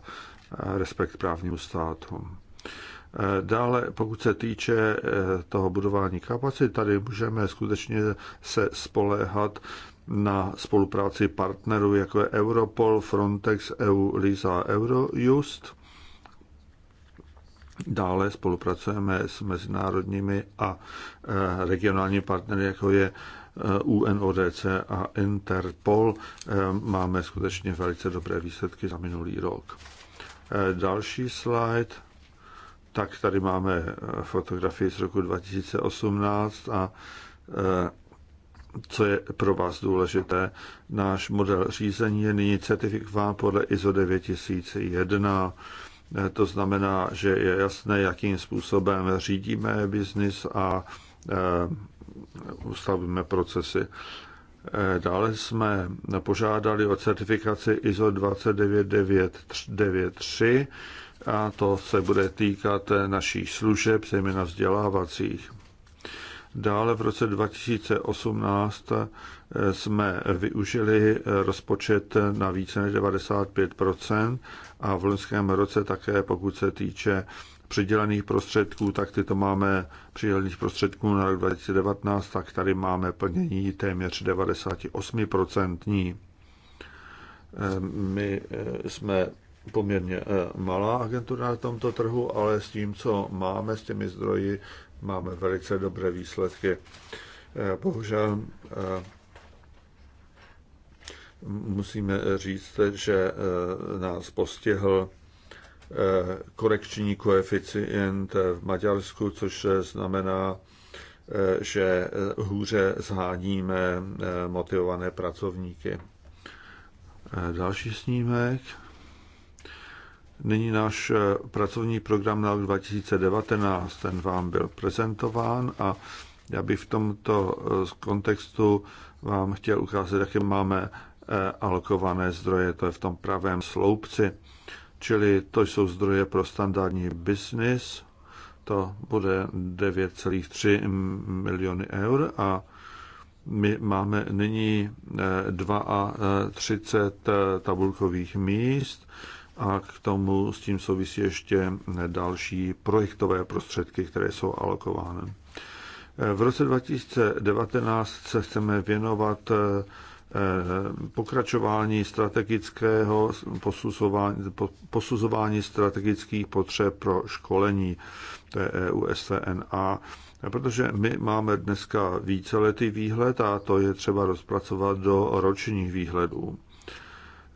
respekt právnímu státu. Eh, dále, pokud se týče eh, toho budování kapacit, tady můžeme skutečně se spoléhat na spolupráci partnerů, jako je Europol, Frontex, EU, LISA, Eurojust. Dále spolupracujeme s mezinárodními a eh, regionálními partnery, jako je UNODC a Interpol. Máme skutečně velice dobré výsledky za minulý rok. Další slide tak tady máme eh, fotografii z roku 2018 a eh, co je pro vás důležité, náš model řízení je nyní certifikován podle ISO 9001. Eh, to znamená, že je jasné, jakým způsobem řídíme biznis a ustavíme procesy. Dále jsme požádali o certifikaci ISO 29993 a to se bude týkat eh, našich služeb, zejména vzdělávacích. Dále v roce 2018 eh, jsme využili eh, rozpočet na více než 95 a v loňském roce také, pokud se týče přidělených prostředků, tak tyto máme přidělených prostředků na rok 2019, tak tady máme plnění téměř 98%. My jsme poměrně eh, malá agentura na tomto trhu, ale s tím, co máme, s těmi zdroji, máme velice dobré výsledky. Eh, bohužel eh, musíme říct, že nás postihl korekční koeficient v Maďarsku, což znamená, že hůře zháníme motivované pracovníky. Další snímek. Nyní náš eh, pracovní program na rok 2019, ten vám byl prezentován a já bych v tomto eh, kontextu vám chtěl ukázat, jaké máme eh, alokované zdroje, to je v tom pravém sloupci, čili to jsou zdroje pro standardní business, to bude 9,3 miliony eur a my máme nyní 32 tabulkových míst, a k tomu s tím souvisí ještě další projektové prostředky, které jsou alokovány. V roce 2019 se chceme věnovat eh, pokračování strategického posuzování, posuzování strategických potřeb pro školení EU e protože my máme dneska víceletý výhled a to je třeba rozpracovat do ročních výhledů.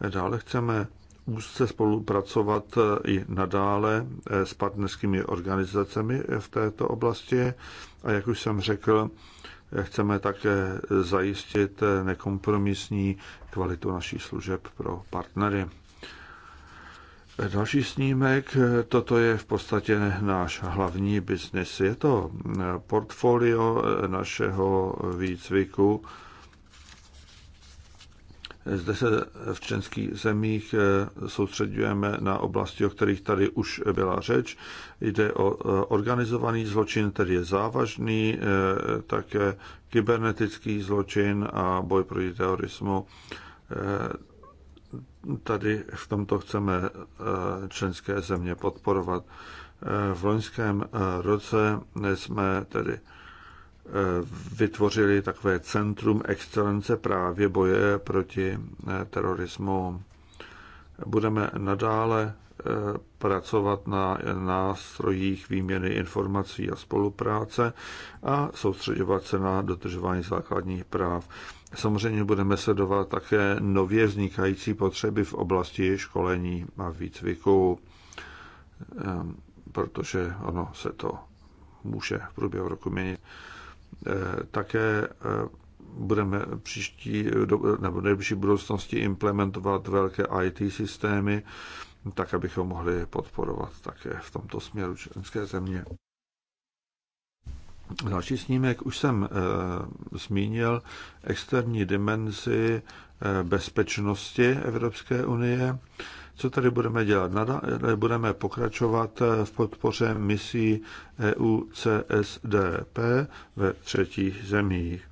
Dále chceme úzce spolupracovat eh, i nadále eh, s partnerskými organizacemi eh, v této oblasti a jak už jsem řekl, chceme také zajistit nekompromisní kvalitu našich služeb pro partnery. Další snímek, toto je v podstatě náš hlavní biznis. Je to portfolio našeho výcviku, zde se v členských zemích eh, soustředujeme na oblasti, o kterých tady už byla řeč. Jde o eh, organizovaný zločin, který je závažný, eh, také kybernetický zločin a boj proti terorismu. Tady v tomto chceme členské země podporovat. V loňském roce jsme tedy Eh, vytvořili takové centrum excelence právě boje proti eh, terorismu. Budeme nadále eh, pracovat na nástrojích výměny informací a spolupráce a soustředovat se na dodržování základních práv. Samozřejmě budeme sledovat také nově vznikající potřeby v oblasti školení a výcviku, protože ono se to může v průběhu roku měnit. Eh, také eh, budeme příští nebo nejbližší budoucnosti implementovat velké IT systémy, tak abychom mohli podporovat také v tomto směru členské země. Další snímek už jsem e, zmínil externí dimenzi bezpečnosti Evropské unie. E, co tady budeme dělat? Nadále eh, budeme pokračovat eh, v podpoře misí EU CSDP ve třetích zemích.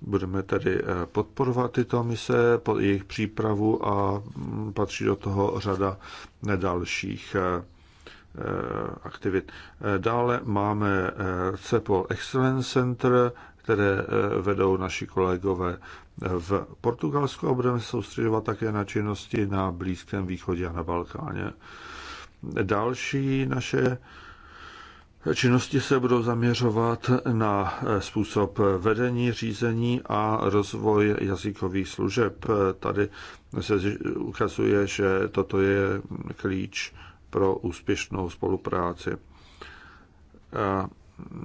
Budeme tedy eh, podporovat tyto mise, pod jejich přípravu a mm, patří do toho řada dalších aktivit. Dále máme CEPOL Excellence Center které eh, vedou naši kolegové v Portugalsku a budeme se soustředovat také na činnosti na Blízkém východě a na Balkáně. Další naše činnosti se budou zaměřovat na eh, způsob vedení, řízení a rozvoj jazykových služeb. Tady se ukazuje, že toto je klíč pro úspěšnou spolupráci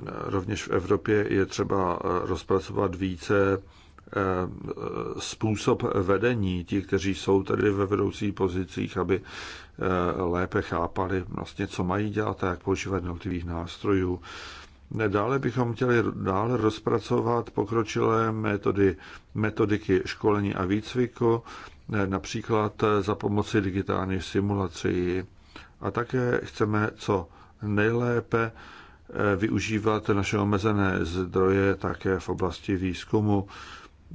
rovněž v Evropě je třeba eh, rozpracovat více eh, způsob vedení, ti, kteří jsou tedy ve vedoucích pozicích, aby eh, lépe chápali vlastně, co mají dělat a jak používat jednotlivých nástrojů. Dále bychom chtěli dále rozpracovat pokročilé metody, metodiky školení a výcviku, například za pomoci digitálních simulací. A také chceme co nejlépe Eh, využívat naše omezené zdroje také v oblasti výzkumu,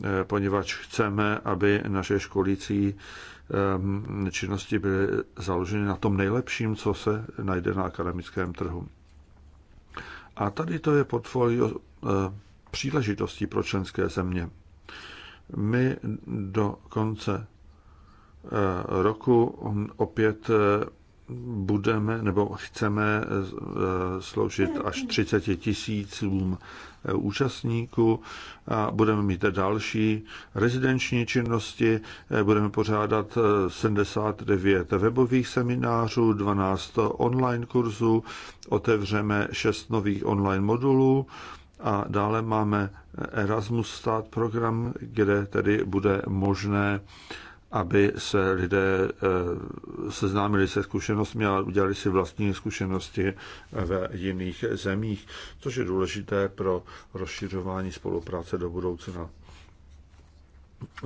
eh, poněvadž chceme, aby naše školící ehm, činnosti byly založeny na tom nejlepším, co se najde na akademickém trhu. A tady to je portfolio eh, příležitostí pro členské země. My do konce roku opět budeme nebo chceme eh, sloužit až 30 tisícům eh, účastníků a budeme mít další rezidenční činnosti, eh, budeme pořádat 79 webových seminářů, 12 online kurzů, otevřeme 6 nových online modulů a dále máme Erasmus Start program, kde tedy bude možné aby se lidé eh, seznámili se zkušenostmi a udělali si vlastní zkušenosti ve jiných zemích, což je důležité pro rozšiřování spolupráce do budoucna.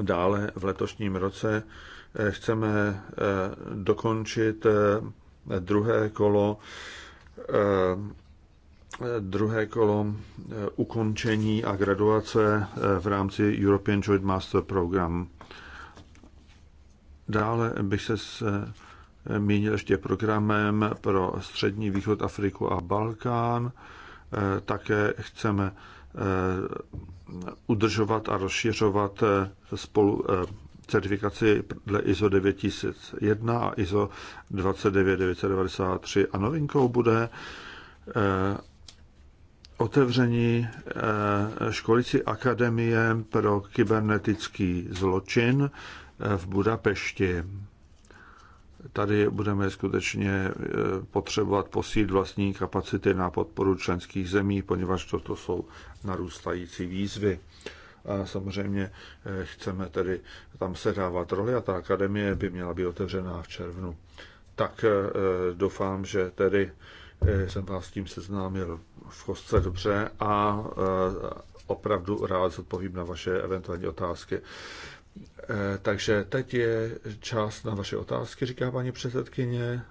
Dále v letošním roce eh, chceme eh, dokončit druhé kolo druhé kolo ukončení a graduace v rámci European Joint Master Program. Dále bych se zmínil eh, ještě programem pro střední východ Afriku a Balkán. Eh, také chceme eh, udržovat a rozšiřovat spolu certifikaci dle ISO 9001 a ISO 29993. A novinkou bude otevření školicí akademie pro kybernetický zločin, v Budapešti. Tady budeme skutečně e, potřebovat posílit vlastní kapacity na podporu členských zemí, poněvadž toto jsou narůstající výzvy. A samozřejmě e, chceme tedy tam se dávat roli a ta akademie by měla být otevřená v červnu. Tak e, doufám, že tedy jsem vás s tím seznámil v kostce dobře a opravdu rád zodpovím na vaše eventuální otázky. Eh, takže teď je čas na vaše otázky, říká paní předsedkyně.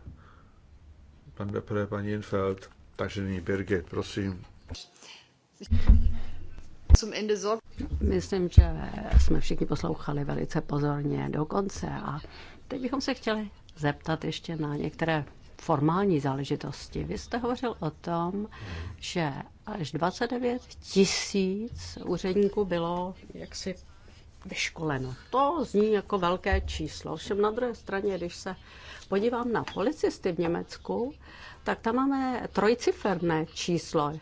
Pan Depre, paní Infeld. Takže nyní Birgit, prosím. Myslím, že jsme všichni poslouchali velice pozorně do konce a teď bychom se chtěli zeptat ještě na některé formální záležitosti. Vy jste hovořil o tom, že až 29 tisíc úředníků bylo jaksi vyškoleno. To zní jako velké číslo. Všem na druhé straně, když se podívám na policisty v Německu, tak tam máme trojciferné číslo.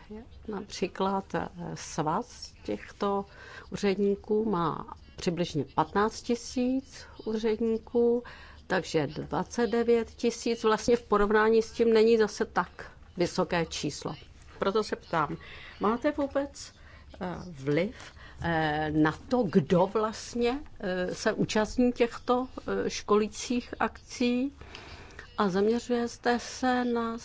Například eh, svaz těchto úředníků má přibližně 15 tisíc úředníků, takže 29 tisíc vlastně v porovnání s tím není zase tak vysoké číslo. Proto se ptám, máte vůbec eh, vliv Eh, na to, kdo vlastně eh, se účastní těchto eh, školících akcí a zaměřujete se na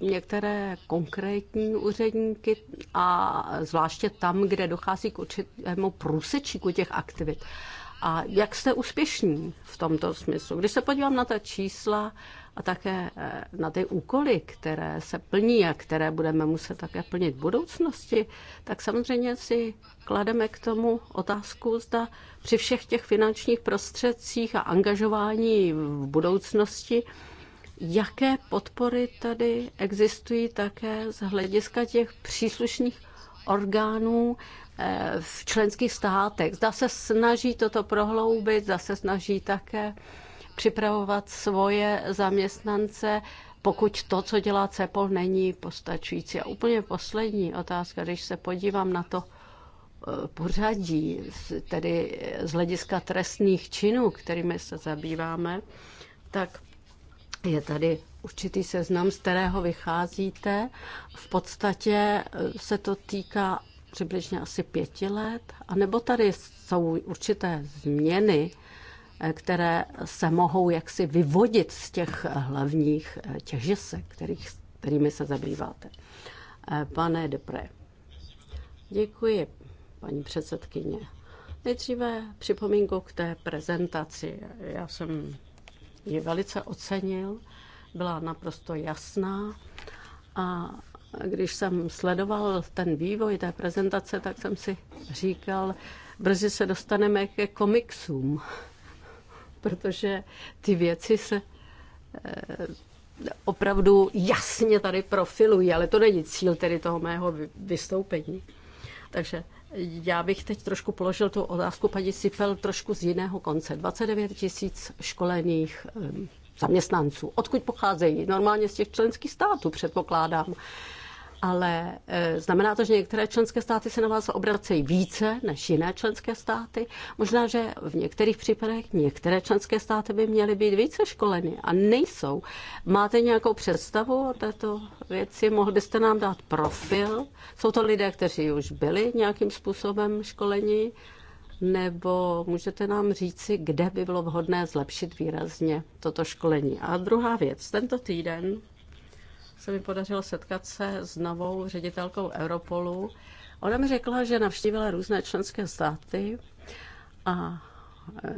některé konkrétní úředníky a zvláště tam, kde dochází k určitému průsečíku těch aktivit. A jak jste úspěšní v tomto smyslu? Když se podívám na ta čísla, a také eh, na ty úkoly, které se plní a které budeme muset také plnit v budoucnosti, tak samozřejmě si klademe k tomu otázku, zda při všech těch finančních prostředcích a angažování v budoucnosti, jaké podpory tady existují také z hlediska těch příslušných orgánů eh, v členských státech. Zda se snaží toto prohloubit, zda se snaží také připravovat svoje zaměstnance, pokud to, co dělá CEPOL, není postačující. A úplně poslední otázka, když se podívám na to eh, pořadí, tedy eh, z hlediska trestných činů, kterými se zabýváme, tak je tady určitý seznam, z kterého vycházíte. V podstatě eh, se to týká přibližně asi pěti let, anebo tady jsou určité změny, které se mohou jaksi vyvodit z těch hlavních eh, těžisek, kterých, kterými se zabýváte. Eh, pane Depre. děkuji, paní předsedkyně. Nejdříve připomínku k té prezentaci. Já jsem ji velice ocenil, byla naprosto jasná a když jsem sledoval ten vývoj té prezentace, tak jsem si říkal, brzy se dostaneme ke komiksům protože ty věci se eh, opravdu jasně tady profilují, ale to není cíl tedy toho mého vystoupení. Takže já bych teď trošku položil tu otázku paní Sipel trošku z jiného konce. 29 tisíc školených eh, zaměstnanců. Odkud pocházejí? Normálně z těch členských států, předpokládám ale e, znamená to, že některé členské státy se na vás obracejí více než jiné členské státy. Možná, že v některých případech některé členské státy by měly být více školeny a nejsou. Máte nějakou představu o této věci? Mohl byste nám dát profil? Jsou to lidé, kteří už byli nějakým způsobem školeni? Nebo můžete nám říci, kde by bylo vhodné zlepšit výrazně toto školení? A druhá věc, tento týden se mi podařilo setkat se s novou ředitelkou Europolu. Ona mi řekla, že navštívila různé členské státy a e,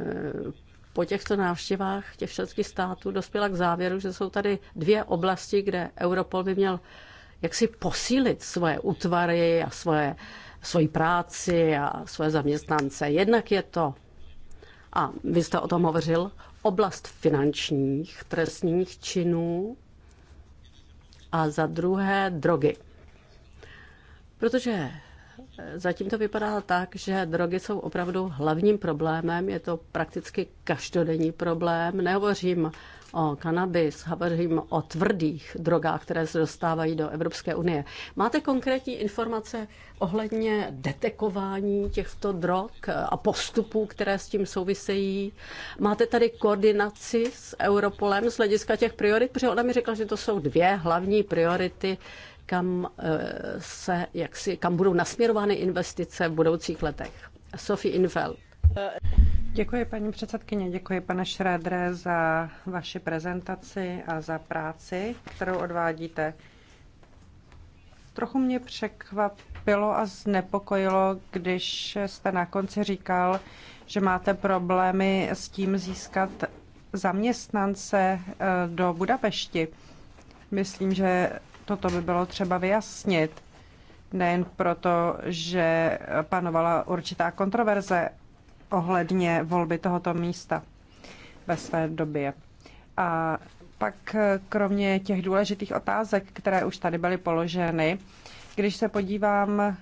po těchto návštěvách těch členských států dospěla k závěru, že jsou tady dvě oblasti, kde Europol by měl jaksi posílit svoje útvary a svoje, svoji práci a svoje zaměstnance. Jednak je to, a vy jste o tom hovořil, oblast finančních trestních činů, a za druhé drogy. Protože zatím to vypadá tak, že drogy jsou opravdu hlavním problémem, je to prakticky každodenní problém. Nehovořím o kanabis, hovořím o tvrdých drogách, které se dostávají do Evropské unie. Máte konkrétní informace ohledně detekování těchto drog a postupů, které s tím souvisejí? Máte tady koordinaci s Europolem z hlediska těch priorit? Protože ona mi řekla, že to jsou dvě hlavní priority, kam, eh, se, jak si, kam budou nasměrovány investice v budoucích letech. Sophie Infeld. Děkuji, paní předsedkyně, děkuji, pane Šrédre, za vaši prezentaci a za práci, kterou odvádíte. Trochu mě překvapilo a znepokojilo, když jste na konci říkal, že máte problémy s tím získat zaměstnance eh, do Budapešti. Myslím, že toto by bylo třeba vyjasnit. Nejen proto, že panovala určitá kontroverze, ohledně volby tohoto místa ve své době. A pak kromě těch důležitých otázek, které už tady byly položeny, když se podívám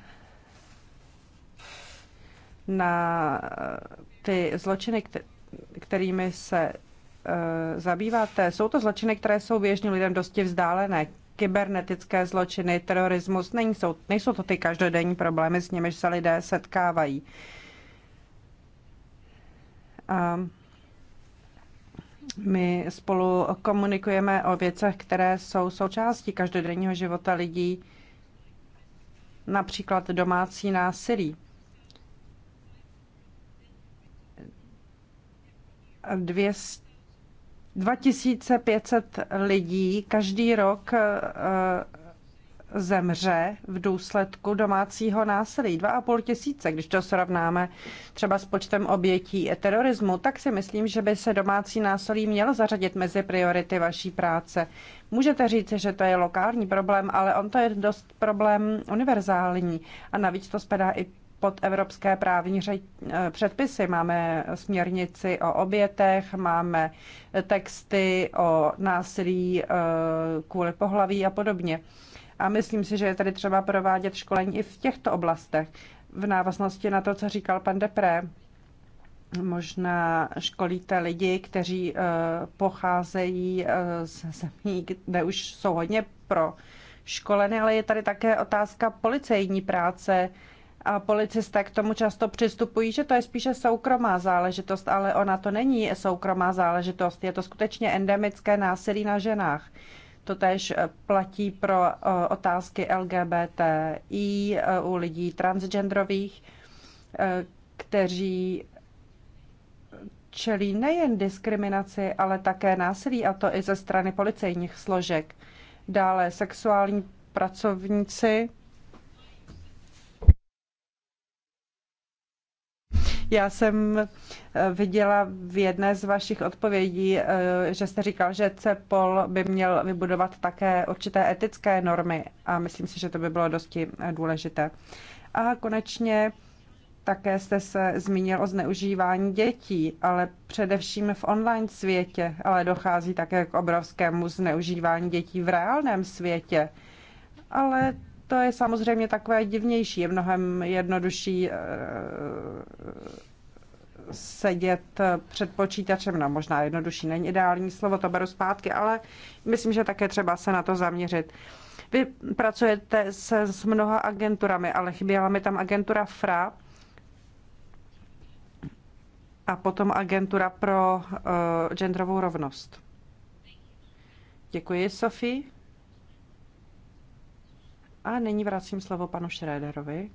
na eh, ty zločiny, kterými se eh, zabýváte, jsou to zločiny, které jsou běžně lidem dosti vzdálené. Kybernetické zločiny, terorismus, nejsou, nejsou to ty každodenní problémy, s nimiž se lidé setkávají. Uh, a my spolu komunikujeme o věcech, které jsou součástí každodenního života lidí, například domácí násilí. Dvě, 2500 lidí každý rok eh, zemře v důsledku domácího násilí. 2,5 tisíce, když to srovnáme třeba s počtem obětí terorismu, tak si myslím, že by se domácí násilí mělo zařadit mezi priority vaší práce. Můžete říct, že to je lokální problém, ale on to je dost problém univerzální a navíc to spadá i pod evropské právní eh, předpisy. Máme směrnici o obětech, máme texty o násilí eh, kvůli pohlaví a podobně. A myslím si, že je tady třeba provádět školení i v těchto oblastech. V návaznosti na to, co říkal pan Depré, možná školíte lidi, kteří eh, pocházejí eh, z zemí, kde už jsou hodně pro školeny, ale je tady také otázka policejní práce. A policisté k tomu často přistupují, že to je spíše soukromá záležitost, ale ona to není soukromá záležitost. Je to skutečně endemické násilí na ženách. To tež eh, platí pro eh, otázky LGBTI eh, u lidí transgenderových, kteří čelí nejen diskriminaci, ale také násilí, a to i ze strany policejních složek. Dále sexuální pracovníci, Já jsem eh, viděla v jedné z vašich odpovědí, eh, že jste říkal, že CEPOL by měl vybudovat také určité etické normy a myslím si, že to by bylo dosti eh, důležité. A konečně také jste se zmínil o zneužívání dětí, ale především v online světě, ale dochází také k obrovskému zneužívání dětí v reálném světě. Ale to je samozřejmě takové divnější, je mnohem jednodušší eh, sedět před počítačem, no možná jednodušší není ideální slovo, to beru zpátky, ale myslím, že také třeba se na to zaměřit. Vy pracujete se s mnoha agenturami, ale chyběla mi tam agentura FRA a potom agentura pro uh, genderovou rovnost. Děkuji, Sofie. A nyní vracím slovo panu Schröderovi.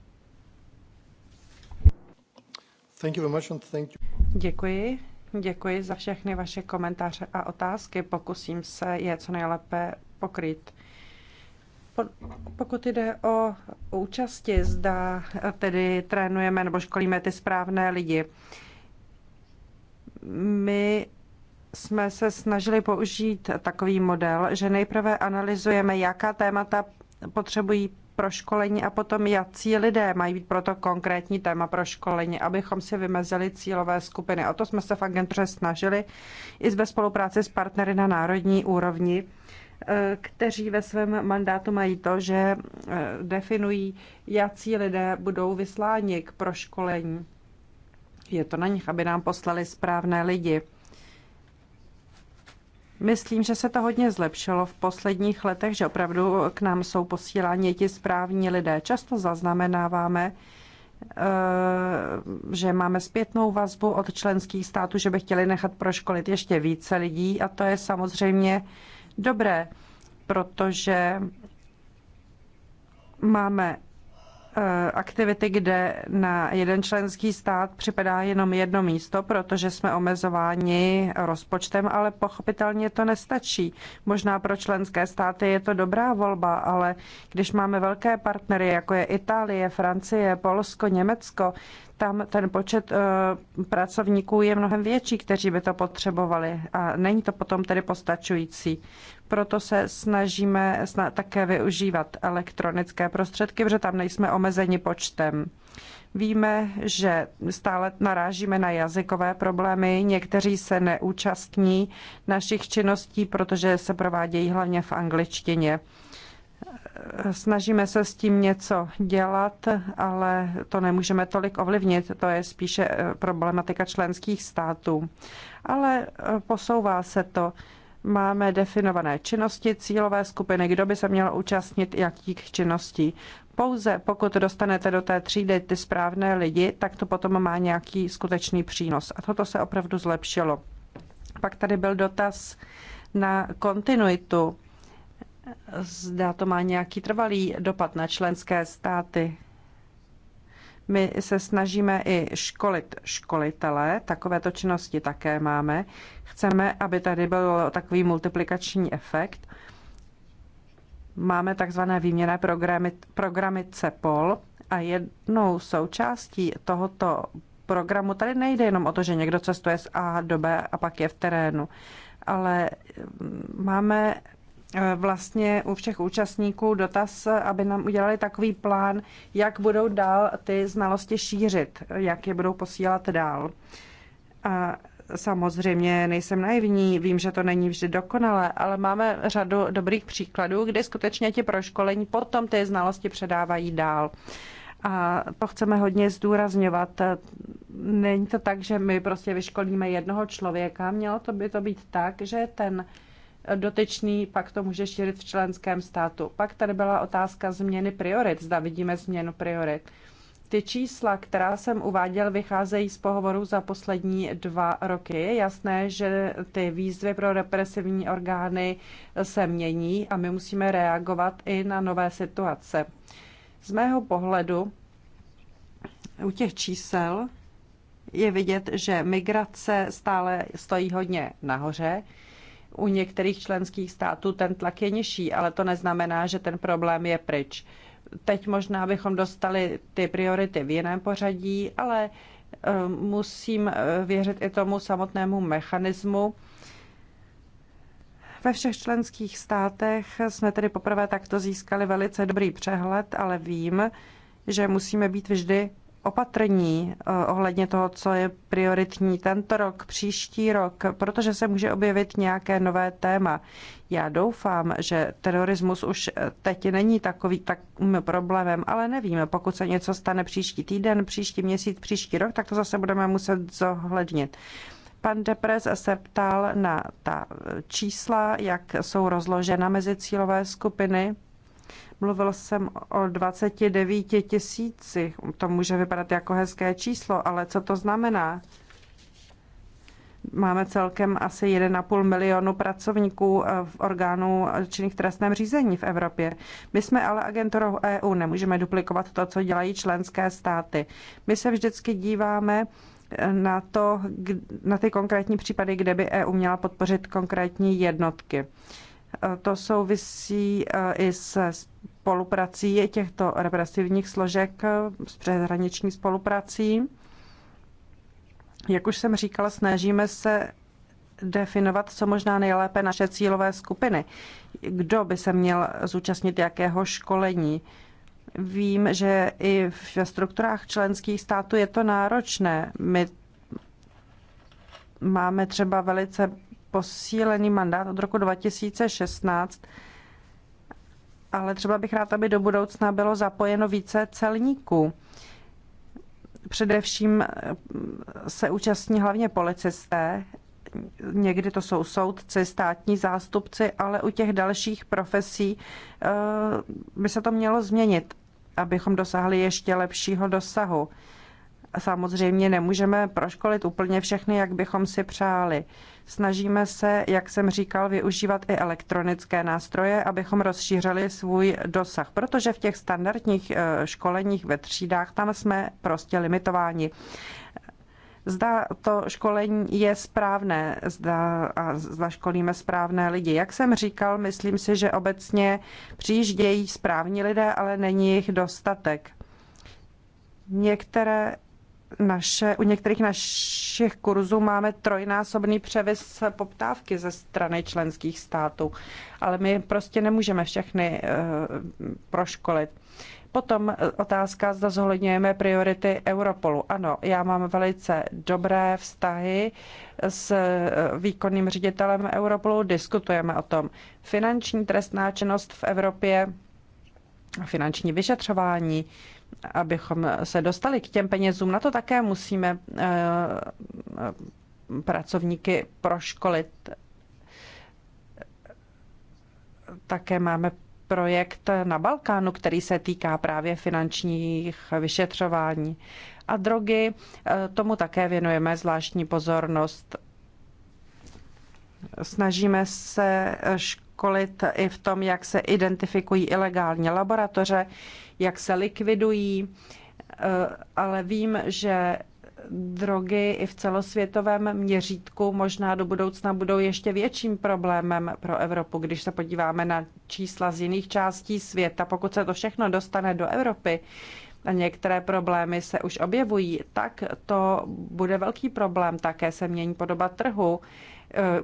Thank you very much and thank you. Děkuji. Děkuji za všechny vaše komentáře a otázky. Pokusím se je co nejlépe pokryt. Pokud jde o účasti, zda tedy trénujeme nebo školíme ty správné lidi. My jsme se snažili použít takový model, že nejprve analyzujeme, jaká témata potřebují pro školení a potom jací lidé mají být proto konkrétní téma pro školení, abychom si vymezili cílové skupiny. O to jsme se v agentuře snažili i ve spolupráci s partnery na národní úrovni, eh, kteří ve svém mandátu mají to, že eh, definují, jací lidé budou vysláni k proškolení. Je to na nich, aby nám poslali správné lidi. Myslím, že se to hodně zlepšilo v posledních letech, že opravdu k nám jsou posíláni ti správní lidé. Často zaznamenáváme, eh, že máme zpětnou vazbu od členských států, že by chtěli nechat proškolit ještě více lidí a to je samozřejmě dobré, protože máme Eh, aktivity, kde na jeden členský stát připadá jenom jedno místo, protože jsme omezováni rozpočtem, ale pochopitelně to nestačí. Možná pro členské státy je to dobrá volba, ale když máme velké partnery, jako je Itálie, Francie, Polsko, Německo, tam ten počet eh, pracovníků je mnohem větší, kteří by to potřebovali a není to potom tedy postačující. Proto se snažíme také využívat elektronické prostředky, protože tam nejsme omezeni počtem. Víme, že stále narážíme na jazykové problémy. Někteří se neúčastní našich činností, protože se provádějí hlavně v angličtině snažíme se s tím něco dělat, ale to nemůžeme tolik ovlivnit, to je spíše eh, problematika členských států. Ale eh, posouvá se to. Máme definované činnosti, cílové skupiny, kdo by se měl účastnit jakých činností. Pouze pokud dostanete do té třídy ty správné lidi, tak to potom má nějaký skutečný přínos. A toto se opravdu zlepšilo. Pak tady byl dotaz na kontinuitu zda to má nějaký trvalý dopad na členské státy. My se snažíme i školit školitele, takovéto činnosti také máme. Chceme, aby tady byl takový multiplikační efekt. Máme takzvané výměné programy, programy CEPOL a jednou součástí tohoto programu tady nejde jenom o to, že někdo cestuje z A do B a pak je v terénu, ale mm, máme Eh, vlastně u všech účastníků dotaz, aby nám udělali takový plán, jak budou dál ty znalosti šířit, jak je budou posílat dál. A samozřejmě nejsem naivní, vím, že to není vždy dokonalé, ale máme řadu dobrých příkladů, kde skutečně ti proškolení potom ty znalosti předávají dál. A to chceme hodně zdůrazňovat. Není to tak, že my prostě vyškolíme jednoho člověka. Mělo to by to být tak, že ten dotyčný pak to může šířit v členském státu. Pak tady byla otázka změny priorit. Zda vidíme změnu priorit. Ty čísla, která jsem uváděl, vycházejí z pohovoru za poslední dva roky. Je jasné, že ty výzvy pro represivní orgány se mění a my musíme reagovat i na nové situace. Z mého pohledu u těch čísel je vidět, že migrace stále stojí hodně nahoře. U některých členských států ten tlak je nižší, ale to neznamená, že ten problém je pryč. Teď možná bychom dostali ty priority v jiném pořadí, ale eh, musím eh, věřit i tomu samotnému mechanismu. Ve všech členských státech jsme tedy poprvé takto získali velice dobrý přehled, ale vím, že musíme být vždy opatrní eh, ohledně toho, co je prioritní tento rok, příští rok, protože se může objevit nějaké nové téma. Já doufám, že terorismus už eh, teď není takový takovým problémem, ale nevíme, pokud se něco stane příští týden, příští měsíc, příští rok, tak to zase budeme muset zohlednit. Pan Depres se ptal na ta čísla, jak jsou rozložena mezi cílové skupiny Mluvil jsem o 29 tisících. To může vypadat jako hezké číslo, ale co to znamená? Máme celkem asi 1,5 milionu pracovníků eh, v orgánu činných trestném řízení v Evropě. My jsme ale agenturou EU, nemůžeme duplikovat to, co dělají členské státy. My se vždycky díváme eh, na, to, na ty konkrétní případy, kde by EU měla podpořit konkrétní jednotky. Eh, to souvisí i se spoluprací těchto represivních složek eh, s přeshraniční spoluprací. Jak už jsem říkala, snažíme se definovat co možná nejlépe naše cílové skupiny. Kdo by se měl zúčastnit jakého školení? Vím, že i ve strukturách členských států je to náročné. My máme třeba velice posílený mandát od roku 2016 ale třeba bych rád, aby do budoucna bylo zapojeno více celníků. Především eh, se účastní hlavně policisté, někdy to jsou soudci, státní zástupci, ale u těch dalších profesí eh, by se to mělo změnit, abychom dosáhli ještě lepšího dosahu samozřejmě nemůžeme proškolit úplně všechny, jak bychom si přáli. Snažíme se, jak jsem říkal, využívat i elektronické nástroje, abychom rozšířili svůj dosah, protože v těch standardních eh, školeních ve třídách tam jsme prostě limitováni. Zda to školení je správné, zda, a zda školíme správné lidi. Jak jsem říkal, myslím si, že obecně přijíždějí správní lidé, ale není jich dostatek. Některé naše, u některých našich kurzů máme trojnásobný převis poptávky ze strany členských států, ale my prostě nemůžeme všechny eh, proškolit. Potom eh, otázka, zda zohledňujeme priority Europolu. Ano, já mám velice dobré vztahy s eh, výkonným ředitelem Europolu, diskutujeme o tom. Finanční trestná činnost v Evropě, finanční vyšetřování, abychom se dostali k těm penězům. Na to také musíme eh, eh, pracovníky proškolit. Také máme projekt na Balkánu, který se týká právě finančních vyšetřování a drogy. Eh, tomu také věnujeme zvláštní pozornost. Snažíme se školit i v tom, jak se identifikují ilegální laboratoře, jak se likvidují, eh, ale vím, že drogy i v celosvětovém měřítku možná do budoucna budou ještě větším problémem pro Evropu, když se podíváme na čísla z jiných částí světa. Pokud se to všechno dostane do Evropy a některé problémy se už objevují, tak to bude velký problém. Také se mění podoba trhu Eh,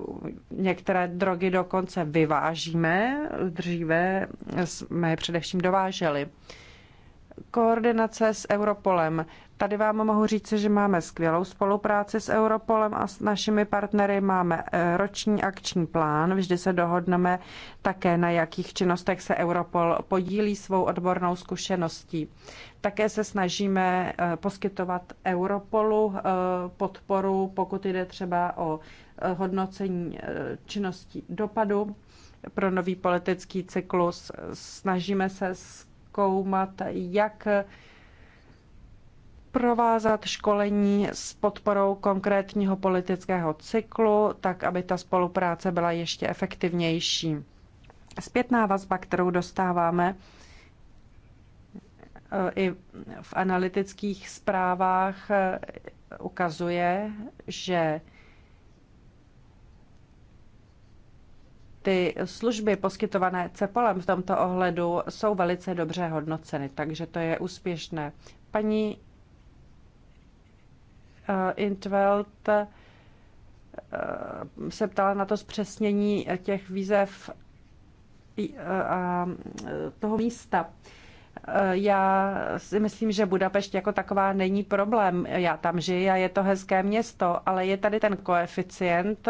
některé drogy dokonce vyvážíme, dříve jsme je především dováželi koordinace s Europolem. Tady vám mohu říct, že máme skvělou spolupráci s Europolem a s našimi partnery. Máme eh, roční akční plán, vždy se dohodneme také, na jakých činnostech se Europol podílí svou odbornou zkušeností. Také se snažíme eh, poskytovat Europolu eh, podporu, pokud jde třeba o hodnocení činností dopadu pro nový politický cyklus. Snažíme se s zkoumat, jak provázat školení s podporou konkrétního politického cyklu, tak aby ta spolupráce byla ještě efektivnější. Zpětná vazba, kterou dostáváme eh, i v analytických zprávách, eh, ukazuje, že ty služby poskytované CEPOLem v tomto ohledu jsou velice dobře hodnoceny, takže to je úspěšné. Paní eh, Intveld eh, se ptala na to zpřesnění těch výzev eh, a toho místa. Já si myslím, že Budapešť jako taková není problém. Já tam žiji a je to hezké město, ale je tady ten koeficient,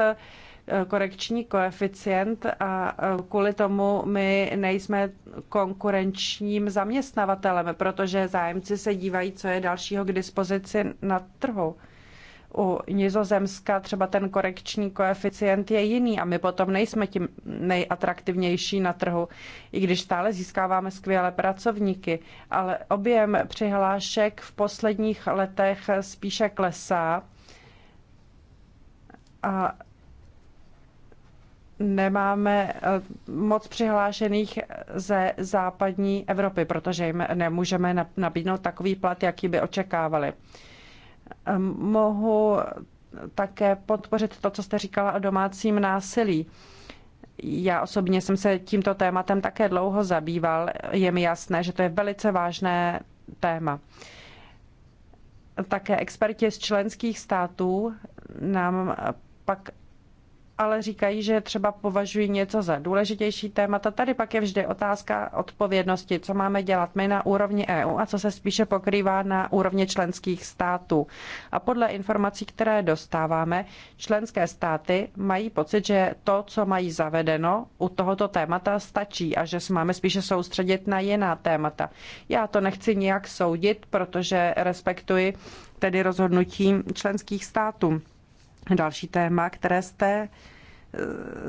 korekční koeficient a kvůli tomu my nejsme konkurenčním zaměstnavatelem, protože zájemci se dívají, co je dalšího k dispozici na trhu. U Nizozemska třeba ten korekční koeficient je jiný a my potom nejsme tím nejatraktivnější na trhu, i když stále získáváme skvělé pracovníky, ale objem přihlášek v posledních letech spíše klesá. A nemáme eh, moc přihlášených ze západní Evropy, protože jim nemůžeme nabídnout takový plat, jaký by očekávali. Ehm, mohu také podpořit to, co jste říkala o domácím násilí. Já osobně jsem se tímto tématem také dlouho zabýval. Je mi jasné, že to je velice vážné téma. Také experti z členských států nám pak ale říkají, že třeba považují něco za důležitější témata. Tady pak je vždy otázka odpovědnosti, co máme dělat my na úrovni EU a co se spíše pokrývá na úrovni členských států. A podle informací, které dostáváme, členské státy mají pocit, že to, co mají zavedeno u tohoto témata, stačí a že se máme spíše soustředit na jiná témata. Já to nechci nijak soudit, protože respektuji tedy rozhodnutí členských států další téma, které jste eh,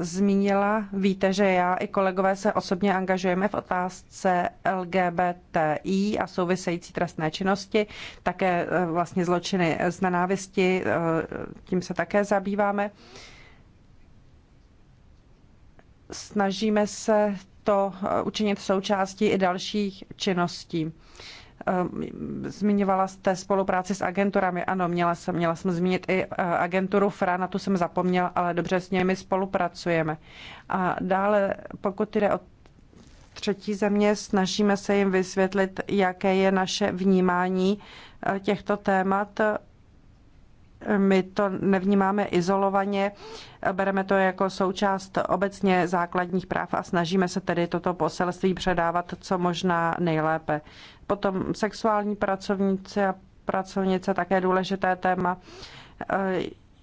zmínila. Víte, že já i kolegové se osobně angažujeme v otázce LGBTI a související trestné činnosti, také eh, vlastně zločiny z nenávisti, eh, tím se také zabýváme. Snažíme se to učinit součástí i dalších činností. Ehm, zmiňovala jste spolupráci s agenturami. Ano, měla jsem, měla jsem zmínit i eh, agenturu FRA, na tu jsem zapomněla, ale dobře s nimi spolupracujeme. A dále, pokud jde o třetí země, snažíme se jim vysvětlit, jaké je naše vnímání eh, těchto témat my to nevnímáme izolovaně, bereme to jako součást obecně základních práv a snažíme se tedy toto poselství předávat co možná nejlépe. Potom sexuální pracovníci a pracovnice, také důležité téma.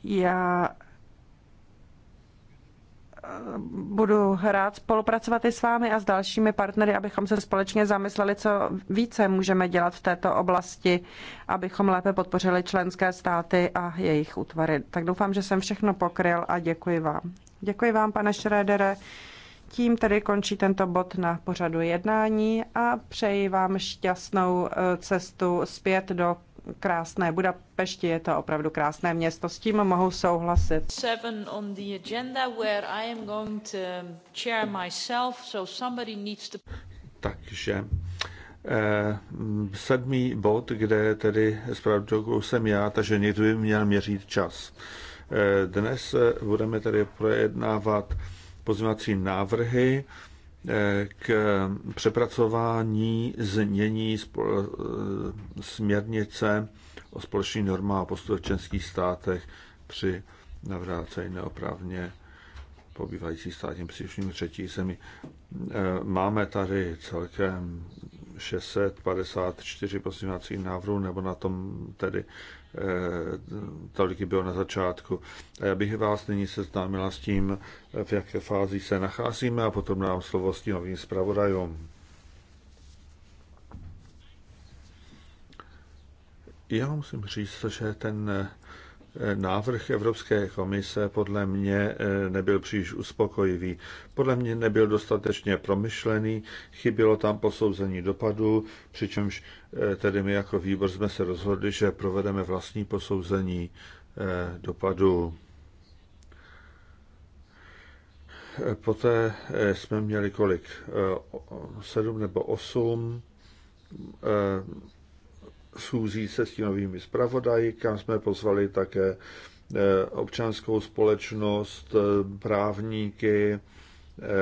Já budu rád spolupracovat i s vámi a s dalšími partnery, abychom se společně zamysleli, co více můžeme dělat v této oblasti, abychom lépe podpořili členské státy a jejich útvary. Tak doufám, že jsem všechno pokryl a děkuji vám. Děkuji vám, pane Šrédere. Tím tedy končí tento bod na pořadu jednání a přeji vám šťastnou eh, cestu zpět do krásné. Budapešti je to opravdu krásné město, s tím mohu souhlasit. Takže eh, sedmý bod, kde tedy s jsem já, takže někdo by měl měřit čas. Eh, dnes eh, budeme tedy projednávat pozvací návrhy k přepracování znění směrnice o společných normách a postupech v českých státech při navrácení neoprávně pobývající státním příslušníků třetí zemi. E, máme tady celkem 654 pozměňovacích návrhů, nebo na tom tedy Eh, tolik bylo na začátku. A já bych vás nyní seznámila s tím, v jaké fázi se nacházíme a potom nám slovo s novým zpravodajům. Já musím říct, že ten návrh Evropské komise podle mě eh, nebyl příliš uspokojivý. Podle mě nebyl dostatečně promyšlený, chybělo tam posouzení dopadu, přičemž eh, tedy my jako výbor jsme se rozhodli, že provedeme vlastní posouzení eh, dopadu. Poté jsme měli kolik? Sedm nebo osm schůzí se stínovými zpravodaji, kam jsme pozvali také eh, občanskou společnost, eh, právníky, eh,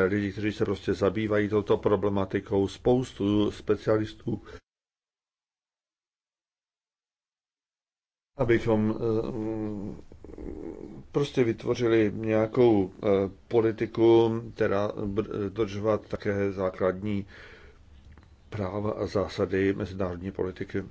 lidi, kteří se prostě zabývají touto problematikou, spoustu specialistů, abychom prostě vytvořili nějakou politiku, která dodržovat také základní práva a zásady mezinárodní politiky.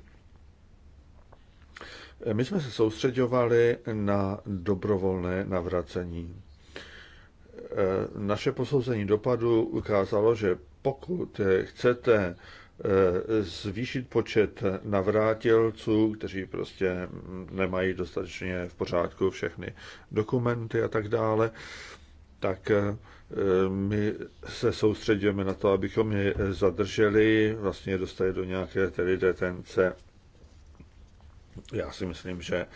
My jsme se soustředovali na dobrovolné navracení. E, naše posouzení dopadu ukázalo, že pokud chcete e, zvýšit počet navrátilců, kteří prostě nemají dostatečně v pořádku všechny dokumenty a tak dále, tak e, my se soustředíme na to, abychom je zadrželi, vlastně dostali do nějaké tedy detence já si myslím, že eh,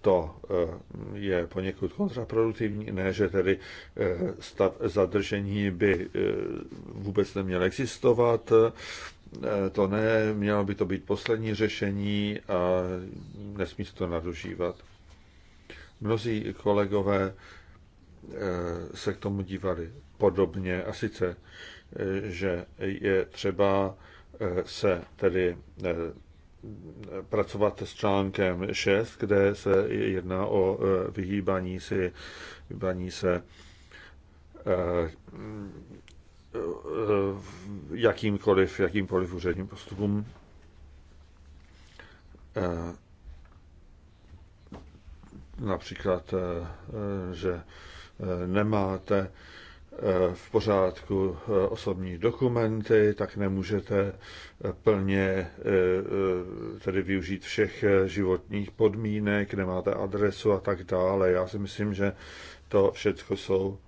to eh, je poněkud kontraproduktivní, ne, že tedy eh, stav zadržení by vůbec neměl existovat, to ne, mělo by to být poslední řešení a nesmí se to nadužívat. Mnozí kolegové se k tomu dívali podobně a sice, že je třeba se tedy pracovat s článkem 6, kde se jedná o e, vyhýbaní, si, vyhýbaní se e, e, jakýmkoliv, jakýmkoliv úředním postupům. Například, že nemáte v pořádku eh, osobní dokumenty, tak nemůžete eh, plně eh, tedy využít všech životních podmínek, nemáte adresu a tak dále. Já si myslím, že to všechno jsou,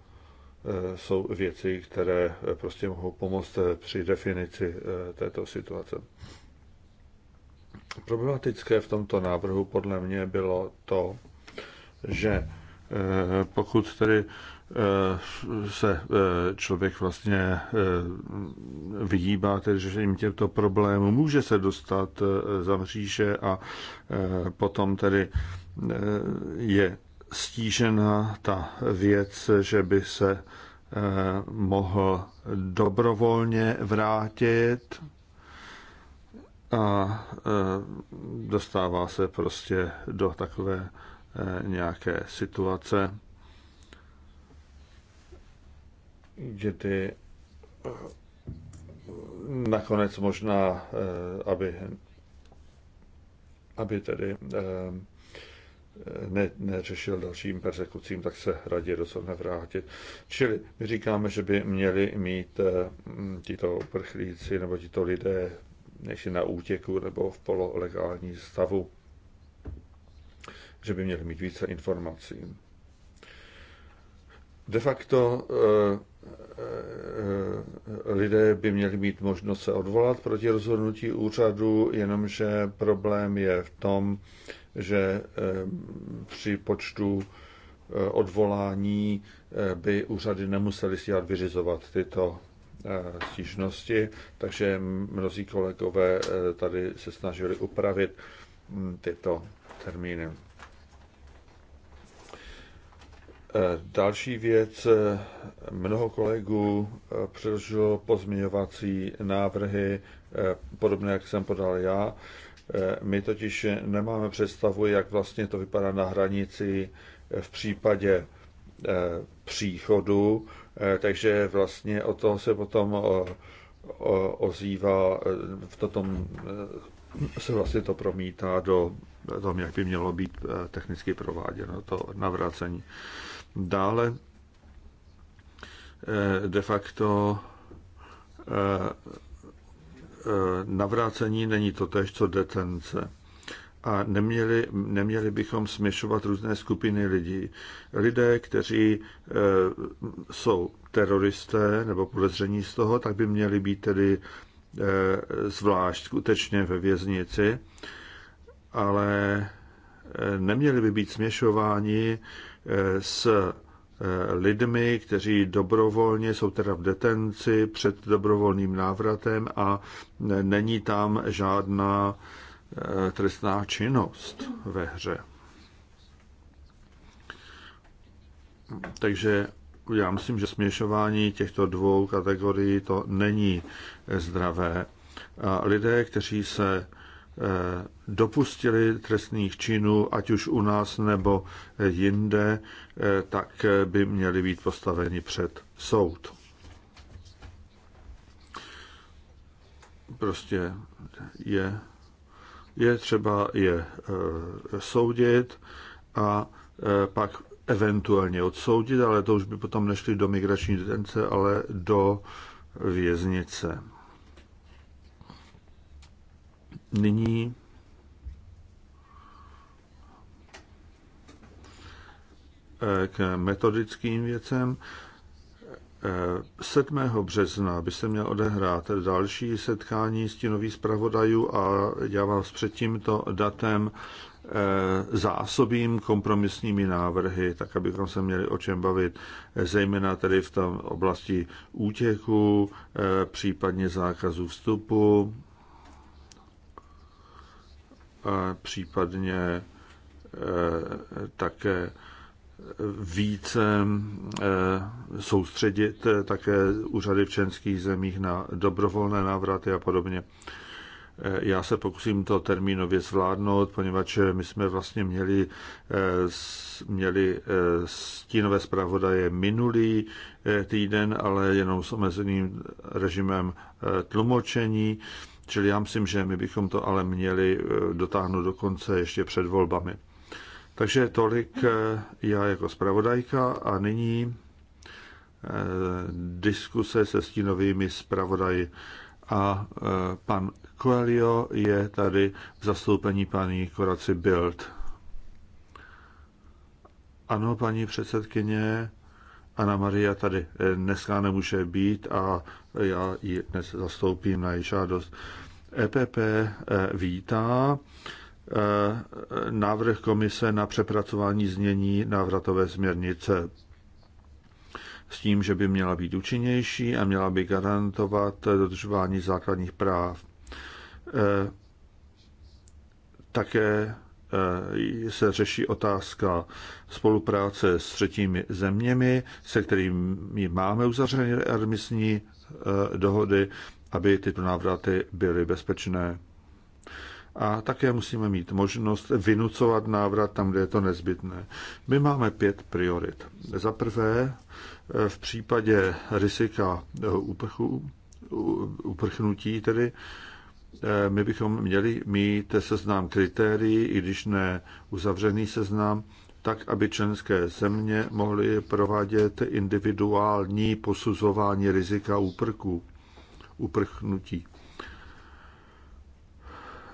jsou věci, které prostě mohou pomoct při definici této situace. Problematické v tomto návrhu podle mě bylo to, že pokud tedy Eh, se eh, člověk vlastně eh, vyhýbá tedy řešením těchto problémů, může se dostat za mříže a potom tedy je stížena ta věc, že by se mohl dobrovolně vrátit a dostává se prostě do takové nějaké situace, kdy eh, nakonec možná, eh, aby, aby tedy eh, ne, neřešil dalším persekucím, tak se raději rozhodne vrátit. Čili my říkáme, že by měli mít tito uprchlíci nebo tito lidé než na útěku nebo v pololegální stavu, že by měli mít více informací. De facto lidé by měli mít možnost se odvolat proti rozhodnutí úřadu, jenomže problém je v tom, že eh, při počtu eh, odvolání eh, by úřady nemuseli stíhat vyřizovat tyto stížnosti, takže mnozí kolegové tady se snažili upravit mm, tyto termíny. Eh, další věc, eh, mnoho kolegů eh, předložilo pozměňovací návrhy, podobné, jak jsem podal já. My totiž nemáme představu, jak vlastně to vypadá na hranici v případě příchodu, takže vlastně o toho se potom ozývá, v tom se vlastně to promítá do tom, jak by mělo být technicky prováděno to navracení. Dále eh, de facto eh, eh, navrácení není to tež, co detence. A neměli, neměli bychom směšovat různé skupiny lidí. Lidé, kteří jsou teroristé nebo podezření z toho, tak by měli být tedy zvlášť skutečně ve věznici, ale neměli by být směšováni s eh, lidmi, kteří dobrovolně jsou teda v detenci před dobrovolným návratem a není tam žádná eh, trestná činnost ve hře. Takže já myslím, že směšování těchto dvou kategorií to není zdravé. A lidé, kteří se Eh, dopustili trestných činů, ať už u nás nebo jinde, eh, tak by měli být postaveni před soud. Prostě je, je třeba je eh, soudit a pak eventuálně odsoudit, ale to už by potom nešli do migrační detence, ale do věznice. Nyní k metodickým věcem. 7. března by se měl odehrát další setkání stínových zpravodajů a já vás před tímto datem eh, zásobím kompromisními návrhy, tak abychom se měli o čem bavit, zejména tedy v tom oblasti útěku, eh, případně zákazu vstupu, případně e, také více e, soustředit e, také úřady v členských zemích na dobrovolné návraty a podobně. Já se pokusím to termínově zvládnout, poněvadž my jsme vlastně měli, měli stínové zpravodaje minulý týden, ale jenom s omezeným režimem tlumočení. Čili já myslím, že my bychom to ale měli eh, dotáhnout do konce ještě před volbami. Takže tolik eh, já jako zpravodajka a nyní eh, diskuse se stínovými zpravodaji. A pan Coelho je tady v zastoupení paní Koraci Bild. Ano, paní předsedkyně, Ana Maria tady eh, dneska nemůže být a já ji dnes zastoupím na její žádost. EPP eh, vítá eh, návrh komise na přepracování znění návratové směrnice s tím, že by měla být účinnější a měla by garantovat dodržování základních práv. Také Eh, se řeší otázka spolupráce s třetími zeměmi, se kterými máme uzavřené readmisní eh, dohody, aby tyto návraty byly bezpečné. A také musíme mít možnost vynucovat návrat tam, kde je to nezbytné. My máme pět priorit. Za prvé, eh, v případě rizika uprchu, uprchnutí tedy, Eh, my bychom měli mít seznám kritérií, i když ne uzavřený seznam, tak, aby členské země mohly provádět individuální posuzování rizika úprku, uprchnutí.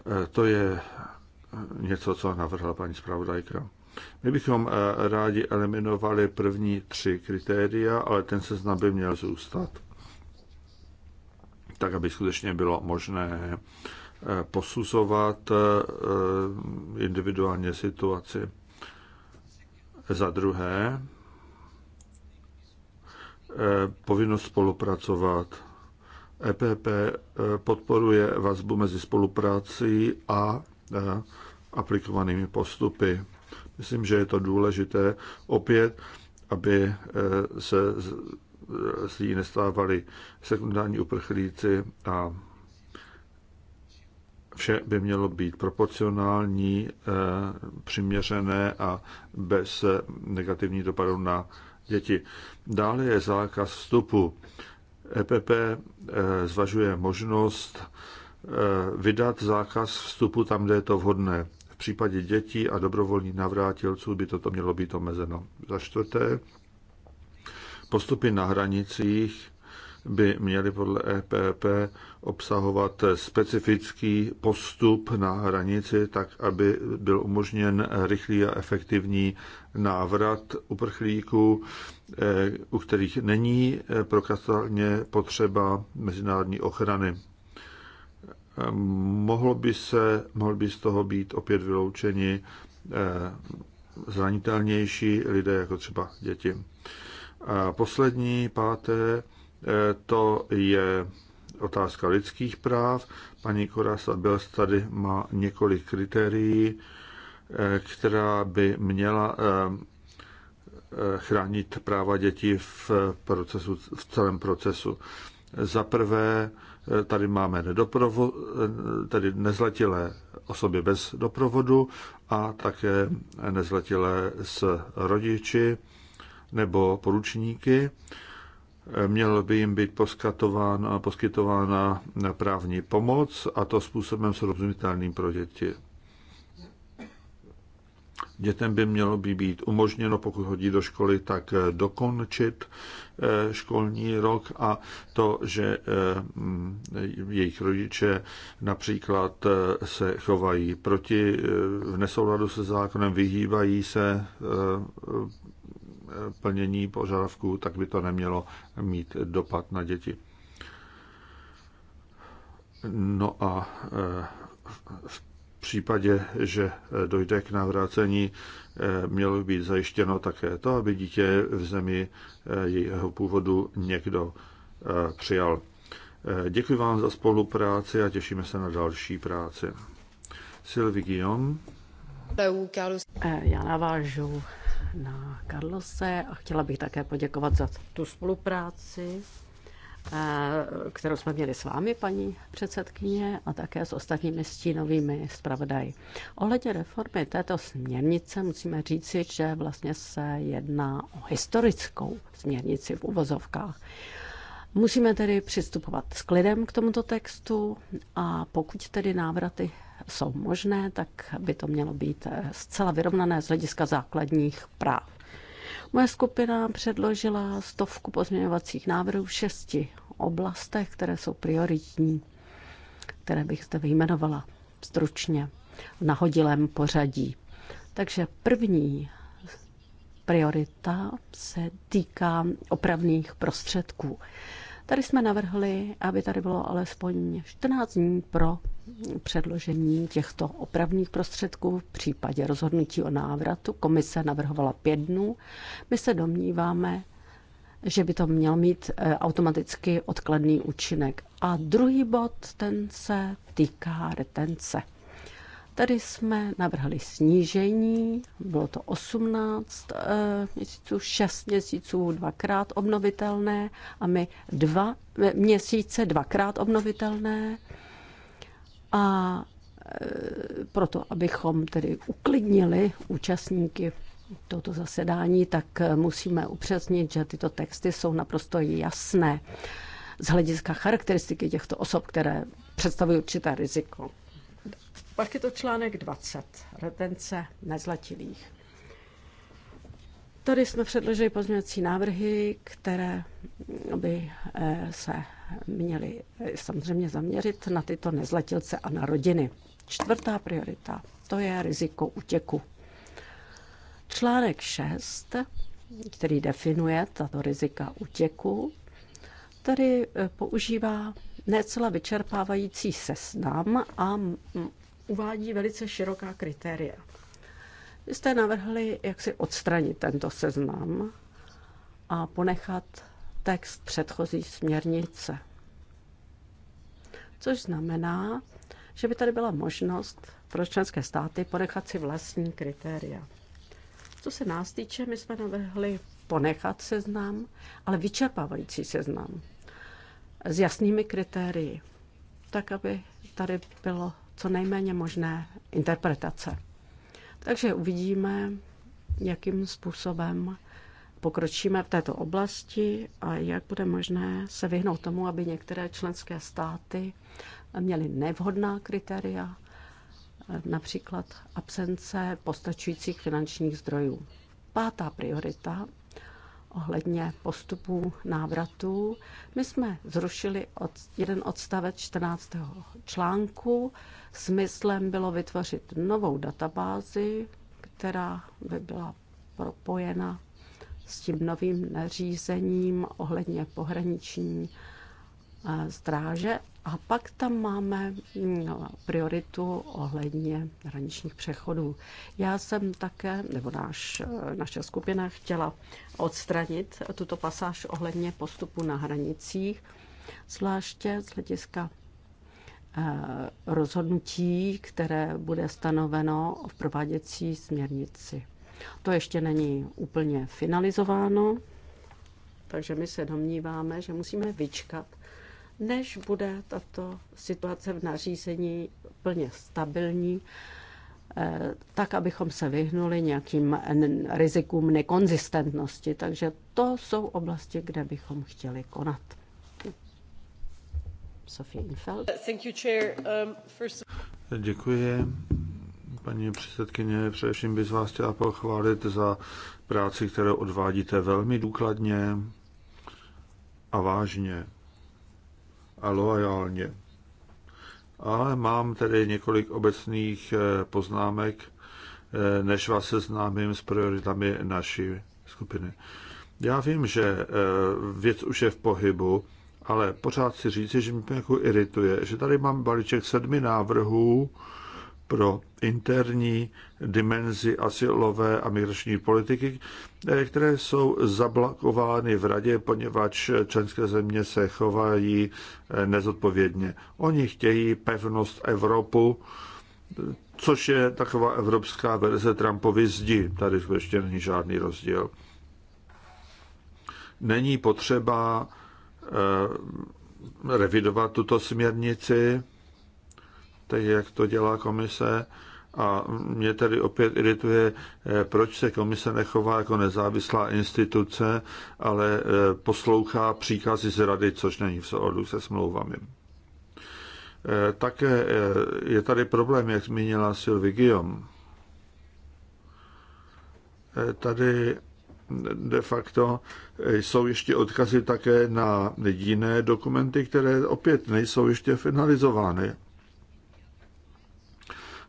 Eh, to je něco, co navrhla paní zpravodajka. My bychom eh, rádi eliminovali první tři kritéria, ale ten seznam by měl zůstat tak aby skutečně bylo možné eh, posuzovat eh, individuálně situaci. Za druhé, eh, povinnost spolupracovat. EPP podporuje vazbu mezi spoluprácí a aplikovanými postupy. Myslím, že je to důležité opět, aby se z ní nestávali sekundární uprchlíci a vše by mělo být proporcionální, eh, přiměřené a bez eh, negativní dopadu na děti. Dále je zákaz vstupu. EPP eh, zvažuje možnost vydat zákaz vstupu tam, kde je to vhodné. V případě dětí a dobrovolných navrátilců by toto mělo být omezeno. Za čtvrté, Postupy na hranicích by měly podle EPP obsahovat specifický postup na hranici, tak aby byl umožněn rychlý a efektivní návrat uprchlíků, eh, u kterých není eh, prokazatelně potřeba mezinárodní ochrany. Eh, Mohlo by, se, mohl by z toho být opět vyloučeni zranitelnější lidé, jako třeba děti. A poslední, páté, eh, to je otázka lidských práv. Paní Korasa Bels tady má několik kritérií, eh, která by měla eh, chránit práva dětí v, procesu, v celém procesu. Za prvé, tady máme nedoprovo, tedy nezletilé osoby bez doprovodu a také nezletilé s rodiči nebo poručníky. Mělo by jim být poskytována, poskytována právní pomoc a to způsobem srozumitelným pro děti. Dětem by mělo by být umožněno, pokud hodí do školy, tak dokončit eh, školní rok a to, že eh, jejich rodiče například eh, se chovají proti v nesouladu se zákonem, vyhýbají se plnění požadavků, tak by to nemělo mít dopad na děti. No a e, v případě, že dojde k navrácení, e, mělo být zajištěno také to, aby dítě v zemi e, jeho původu někdo přijal. Děkuji vám za spolupráci a těšíme se na další práci. Sylvie Guillaume. Já navážu na Karlose a chtěla bych také poděkovat za tu spolupráci, eh, kterou jsme měli s vámi, paní předsedkyně, a také s ostatními stínovými zpravodaji. Ohledně reformy této směrnice musíme říci, že vlastně se jedná o historickou směrnici v uvozovkách. Musíme tedy přistupovat s klidem k tomuto textu a pokud tedy návraty jsou možné, tak by to mělo být eh, zcela vyrovnané z hlediska základních práv. Moje skupina předložila stovku pozměňovacích návrhů v šesti oblastech, které jsou prioritní, které bych zde vyjmenovala stručně v nahodilém pořadí. Takže první priorita se týká opravných prostředků. Tady jsme navrhli, aby tady bylo alespoň 14 dní pro předložení těchto opravních prostředků v případě rozhodnutí o návratu. Komise navrhovala pět dnů. My se domníváme, že by to měl mít eh, automaticky odkladný účinek. A druhý bod, ten se týká retence. Tady jsme navrhli snížení, bylo to 18 eh, měsíců, 6 měsíců dvakrát obnovitelné a my dva měsíce dvakrát obnovitelné. A eh, proto, abychom tedy uklidnili účastníky toto zasedání, tak eh, musíme upřesnit, že tyto texty jsou naprosto jasné z hlediska charakteristiky těchto osob, které představují určité riziko. Pak je to článek 20, retence nezletilých. Tady jsme předložili pozměňovací návrhy, které by eh, se měly eh, samozřejmě zaměřit na tyto nezletilce a na rodiny. Čtvrtá priorita, to je riziko útěku. Článek 6, který definuje tato rizika útěku, tady eh, používá necela vyčerpávající seznam a uvádí velice široká kritéria. Vy jste navrhli, jak si odstranit tento seznam a ponechat text předchozí směrnice. Což znamená, že by tady byla možnost pro členské státy ponechat si vlastní kritéria. Co se nás týče, my jsme navrhli ponechat seznam, ale vyčerpávající seznam s jasnými kritérii, tak aby tady bylo co nejméně možné interpretace. Takže uvidíme, jakým způsobem pokročíme v této oblasti a jak bude možné se vyhnout tomu, aby některé členské státy měly nevhodná kritéria, například absence postačujících finančních zdrojů. Pátá priorita ohledně postupů návratů. My jsme zrušili od, jeden odstavec 14. článku. Smyslem bylo vytvořit novou databázi, která by byla propojena s tím novým nařízením ohledně pohraniční eh, stráže a pak tam máme no, prioritu ohledně hraničních přechodů. Já jsem také, nebo náš, naše skupina chtěla odstranit tuto pasáž ohledně postupu na hranicích, zvláště z hlediska eh, rozhodnutí, které bude stanoveno v prováděcí směrnici. To ještě není úplně finalizováno, takže my se domníváme, že musíme vyčkat než bude tato situace v nařízení plně stabilní, eh, tak, abychom se vyhnuli nějakým rizikům nekonzistentnosti. Takže to jsou oblasti, kde bychom chtěli konat. Sophie Infeld. Thank you, chair. Um, first... Děkuji. Paní předsedkyně, především bych vás chtěla pochválit za práci, kterou odvádíte velmi důkladně a vážně a loajálně. Ale mám tedy několik obecných eh, poznámek, eh, než vás seznámím s prioritami naší skupiny. Já vím, že eh, věc už je v pohybu, ale pořád si říci, že mě jako irituje, že tady mám balíček sedmi návrhů, pro interní dimenzi asilové a migrační politiky, eh, které jsou zablokovány v radě, poněvadž členské země se chovají eh, nezodpovědně. Oni chtějí pevnost Evropu, což je taková evropská verze Trumpovy zdi. Tady ještě není žádný rozdíl. Není potřeba eh, revidovat tuto směrnici, tak jak to dělá komise. A mě tedy opět irituje, eh, proč se komise nechová jako nezávislá instituce, ale eh, poslouchá příkazy z rady, což není v souladu se smlouvami. Eh, také je tady problém, jak zmínila Sylvie Guillaume. Tady de facto jsou ještě odkazy také na jiné dokumenty, které opět nejsou ještě finalizovány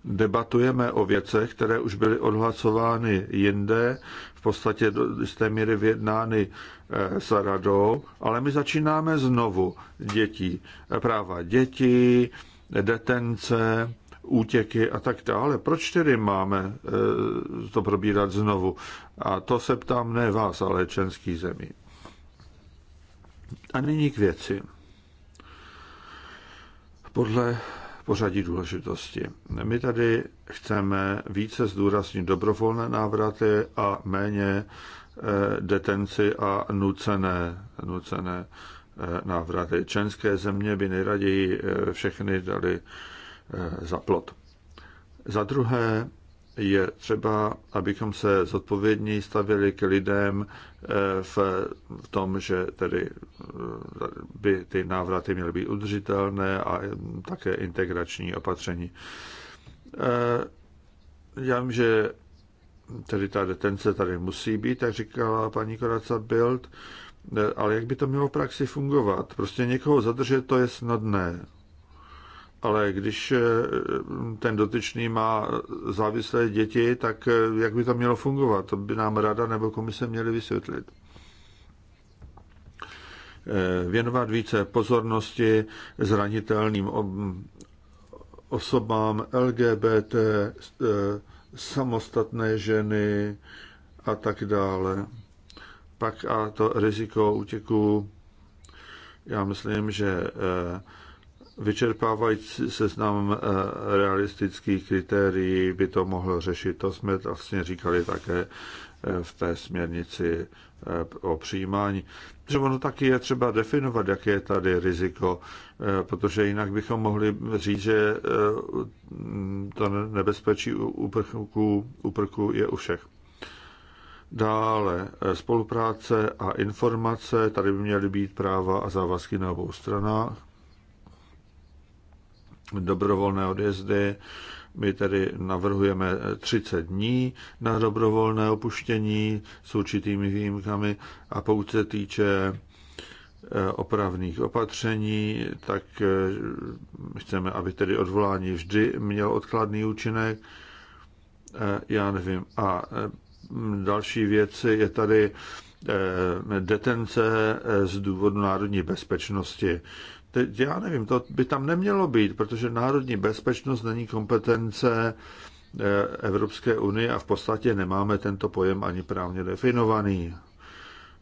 debatujeme o věcech, které už byly odhlasovány jinde, v podstatě do jisté míry vyjednány eh, s radou, ale my začínáme znovu dětí, eh, práva dětí, detence, útěky a tak dále. Proč tedy máme eh, to probírat znovu? A to se ptám ne vás, ale členský zemí. A nyní k věci. Podle v pořadí důležitosti. My tady chceme více zdůraznit dobrovolné návraty a méně eh, detenci a nucené, nucené eh, návraty. Členské země by nejraději eh, všechny dali za plot. Za druhé, je třeba, abychom se zodpovědněji stavili k lidem eh, v, v tom, že tedy eh, by ty návraty měly být udržitelné a eh, také integrační opatření. Já vím, že tedy ta detence tady musí být, tak říkala paní Koraca Bild, ale jak by to mělo v praxi fungovat? Prostě někoho zadržet, to je snadné. Ale když eh, ten dotyčný má závislé děti, tak eh, jak by to mělo fungovat? To by nám rada nebo komise měly vysvětlit. Eh, věnovat více pozornosti zranitelným osobám LGBT, samostatné ženy a tak dále. Pak a to riziko útěku, já myslím, že vyčerpávající seznam eh, realistických kritérií by to mohlo řešit. To jsme vlastně říkali také eh, v té směrnici eh, o přijímání. Že ono taky je třeba definovat, jaké je tady riziko, protože jinak bychom mohli říct, že to nebezpečí uprchů, uprchů je u všech. Dále spolupráce a informace, tady by měly být práva a závazky na obou stranách dobrovolné odjezdy. My tedy navrhujeme 30 dní na dobrovolné opuštění s určitými výjimkami a pokud se týče eh, opravných opatření, tak eh, chceme, aby tedy odvolání vždy mělo odkladný účinek. Eh, já nevím. A další věc je tady detence z důvodu národní bezpečnosti. Teď já nevím, to by tam nemělo být, protože národní bezpečnost není kompetence eh, Evropské unie a v podstatě nemáme tento pojem ani právně definovaný.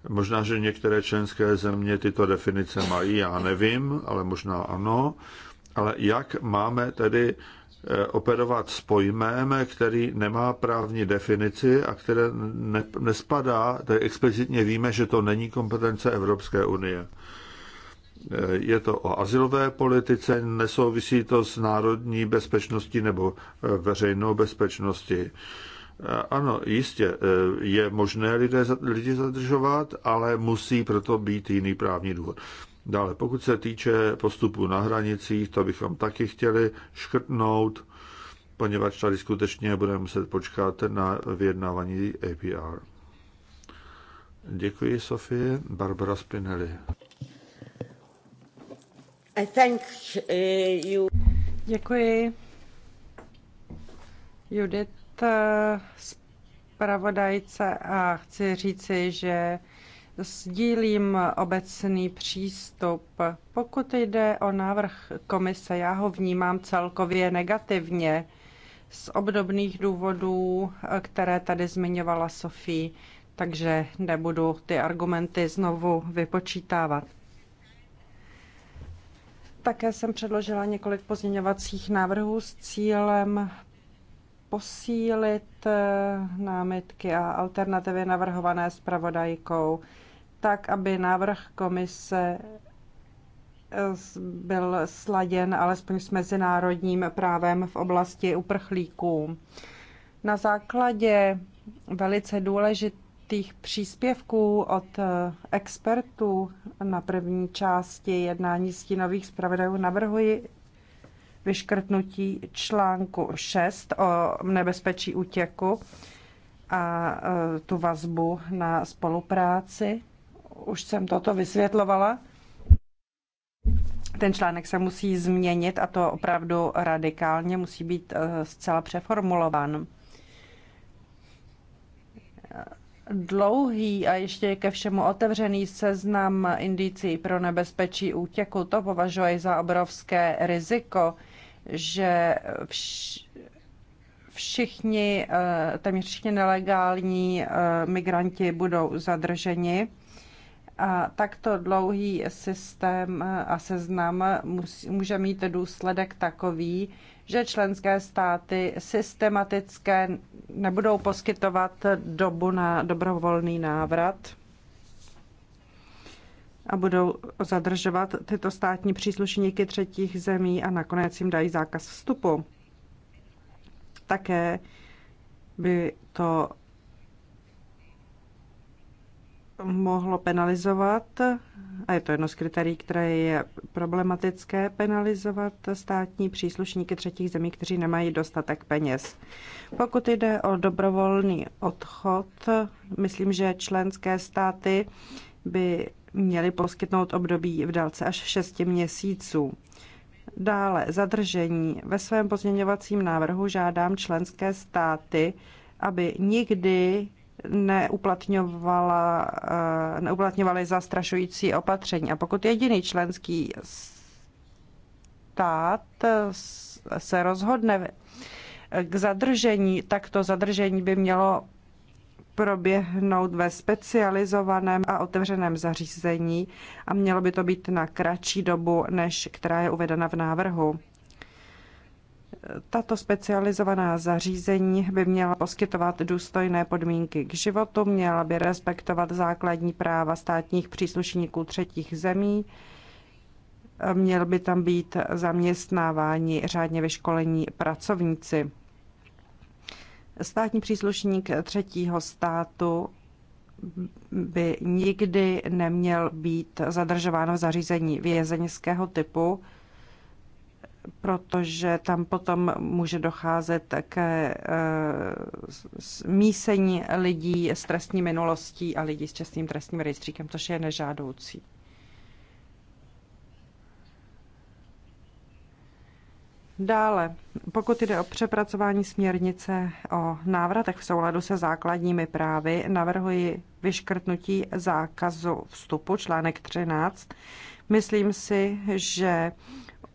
Možná, že některé členské země tyto definice mají, já nevím, ale možná ano. Ale jak máme tedy eh, operovat s pojmem, který nemá právní definici a které ne, nespadá, tedy explicitně víme, že to není kompetence Evropské unie. Eh, je to o asilové politice, nesouvisí to s národní bezpečností nebo eh, veřejnou bezpečností. Eh, ano, jistě, je možné lidé, lidi zadržovat, ale musí proto být jiný právní důvod. Dále, pokud se týče postupu na hranicích, to bychom taky chtěli škrtnout, poněvadž tady skutečně budeme muset počkat na vyjednávání APR. Děkuji, Sofie. Barbara Spinelli. I eh, Děkuji. Eh, zpravodajce a chci říci, že sdílím obecný přístup. Pokud jde o návrh komise, já ho vnímám celkově negativně z obdobných důvodů, které tady zmiňovala Sofie, takže nebudu ty argumenty znovu vypočítávat. Také jsem předložila několik pozměňovacích návrhů s cílem posílit eh, námitky a alternativy navrhované zpravodajkou, tak aby návrh komise eh, byl sladěn alespoň s mezinárodním právem v oblasti uprchlíků. Na základě velice důležité těch příspěvků od eh, expertů na první části jednání stínových zpravodajů navrhuji vyškrtnutí článku 6 o nebezpečí útěku a eh, tu vazbu na spolupráci. Už jsem toto vysvětlovala. Ten článek se musí změnit a to opravdu radikálně musí být eh, zcela přeformulován dlouhý a ještě ke všemu otevřený seznam indicí pro nebezpečí útěku, to považuji za obrovské riziko, že všichni, eh, téměř všichni nelegální eh, migranti budou zadrženi. A takto dlouhý systém a seznam může mít důsledek takový, že členské státy systematické nebudou poskytovat dobu na dobrovolný návrat a budou zadržovat tyto státní příslušníky třetích zemí a nakonec jim dají zákaz vstupu. Také by to mohlo penalizovat, a je to jedno z kritérií, které je problematické, penalizovat státní příslušníky třetích zemí, kteří nemají dostatek peněz. Pokud jde o dobrovolný odchod, myslím, že členské státy by měly poskytnout období v délce až 6 měsíců. Dále zadržení. Ve svém pozměňovacím návrhu žádám členské státy, aby nikdy neuplatňovala, eh, neuplatňovaly zastrašující opatření. A pokud jediný členský stát eh, se rozhodne k zadržení, tak to zadržení by mělo proběhnout ve specializovaném a otevřeném zařízení a mělo by to být na kratší dobu, než která je uvedena v návrhu. Tato specializovaná zařízení by měla poskytovat důstojné podmínky k životu, měla by respektovat základní práva státních příslušníků třetích zemí, měl by tam být zaměstnávání řádně vyškolení pracovníci. Státní příslušník třetího státu by nikdy neměl být zadržován v zařízení vězeňského typu, protože tam potom může docházet ke eh, mísení lidí s trestní minulostí a lidí s čestným trestním rejstříkem, což je nežádoucí. Dále, pokud jde o přepracování směrnice o návratech v souladu se základními právy, navrhuji vyškrtnutí zákazu vstupu, článek 13. Myslím si, že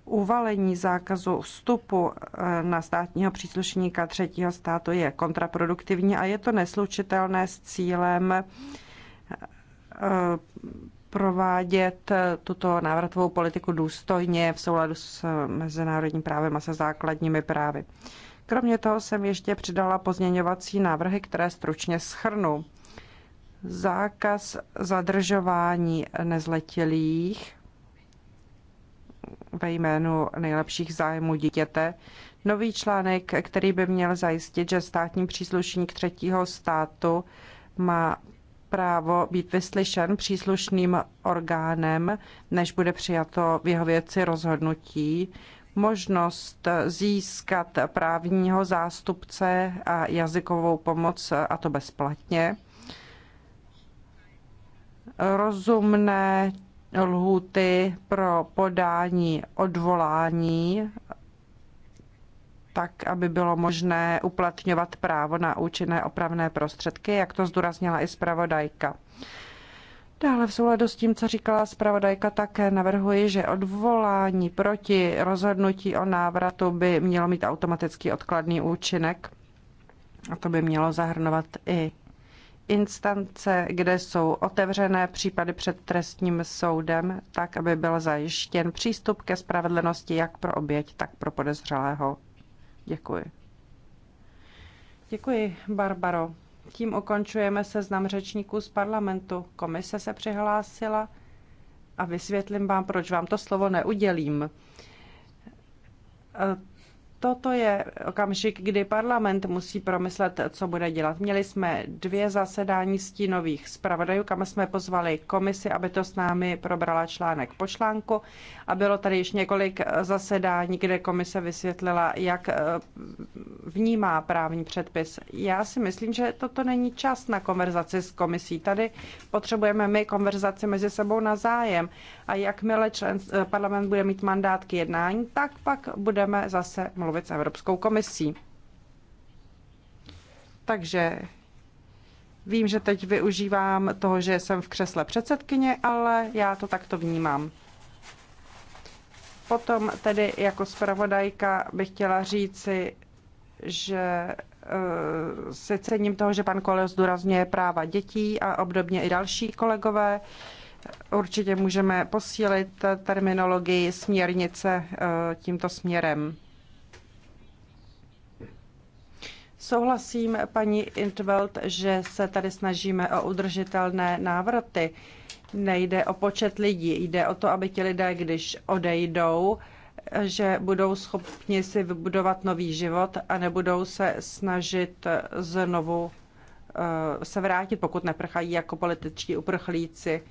uvalení zákazu vstupu eh, na státního příslušníka třetího státu je kontraproduktivní a je to neslučitelné s cílem eh, provádět eh, tuto návratovou politiku důstojně v souladu s mezinárodním právem a se základními právy. Kromě toho jsem ještě přidala pozměňovací návrhy, které stručně schrnu. Zákaz zadržování nezletilých, ve jménu nejlepších zájmů dítěte. Nový článek, který by měl zajistit, že státní příslušník třetího státu má právo být vyslyšen příslušným orgánem, než bude přijato v jeho věci rozhodnutí, možnost získat právního zástupce a jazykovou pomoc, a to bezplatně, rozumné lhuty pro podání odvolání, tak aby bylo možné uplatňovat právo na účinné opravné prostředky, jak to zdůraznila i zpravodajka. Dále v souladu s tím, co říkala zpravodajka, také navrhuji, že odvolání proti rozhodnutí o návratu by mělo mít automatický odkladný účinek. A to by mělo zahrnovat i instance, kde jsou otevřené případy před trestním soudem, tak aby byl zajištěn přístup ke spravedlnosti jak pro oběť, tak pro podezřelého. Děkuji. Děkuji, Barbaro. Tím ukončujeme seznam řečníků z parlamentu. Komise se přihlásila a vysvětlím vám, proč vám to slovo neudělím toto je okamžik, kdy parlament musí promyslet, co bude dělat. Měli jsme dvě zasedání stínových zpravodajů, kam jsme pozvali komisi, aby to s námi probrala článek po článku. A bylo tady již několik zasedání, kde komise vysvětlila, jak eh, vnímá právní předpis. Já si myslím, že toto není čas na konverzaci s komisí. Tady potřebujeme my konverzaci mezi sebou na zájem. A jakmile člen, eh, parlament bude mít mandát k jednání, tak pak budeme zase mluvit mluvit s Evropskou komisí. Takže vím, že teď využívám toho, že jsem v křesle předsedkyně, ale já to takto vnímám. Potom tedy jako zpravodajka bych chtěla říci, že uh, si cením toho, že pan Koleo zdůrazňuje práva dětí a obdobně i další kolegové. Určitě můžeme posílit terminologii směrnice eh, tímto směrem. Souhlasím, paní Intveld, že se tady snažíme o udržitelné návraty. Nejde o počet lidí, jde o to, aby ti lidé, když odejdou, že budou schopni si vybudovat nový život a nebudou se snažit znovu eh, se vrátit, pokud neprchají jako političtí uprchlíci.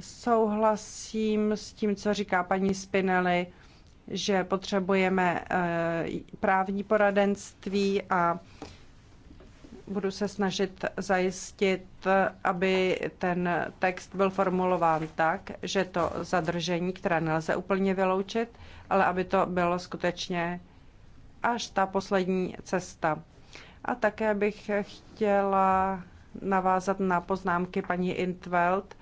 Souhlasím s tím, co říká paní Spinelli že potřebujeme eh, právní poradenství a budu se snažit zajistit, aby ten text byl formulován tak, že to zadržení, které nelze úplně vyloučit, ale aby to bylo skutečně až ta poslední cesta. A také bych chtěla navázat na poznámky paní Intveld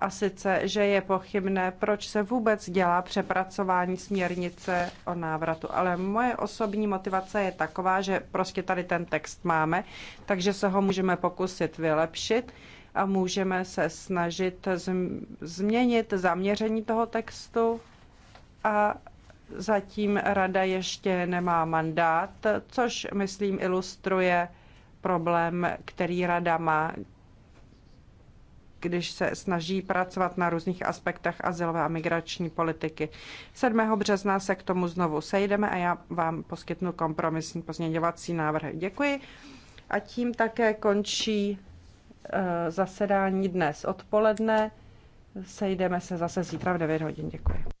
a sice, že je pochybné, proč se vůbec dělá přepracování směrnice o návratu. Ale moje osobní motivace je taková, že prostě tady ten text máme, takže se ho můžeme pokusit vylepšit a můžeme se snažit změnit zaměření toho textu a zatím rada ještě nemá mandát, což myslím ilustruje problém, který rada má, když se snaží pracovat na různých aspektech azylové a migrační politiky. 7. března se k tomu znovu sejdeme a já vám poskytnu kompromisní pozměňovací návrhy. Děkuji. A tím také končí eh, zasedání dnes odpoledne. Sejdeme se zase zítra v 9 hodin. Děkuji.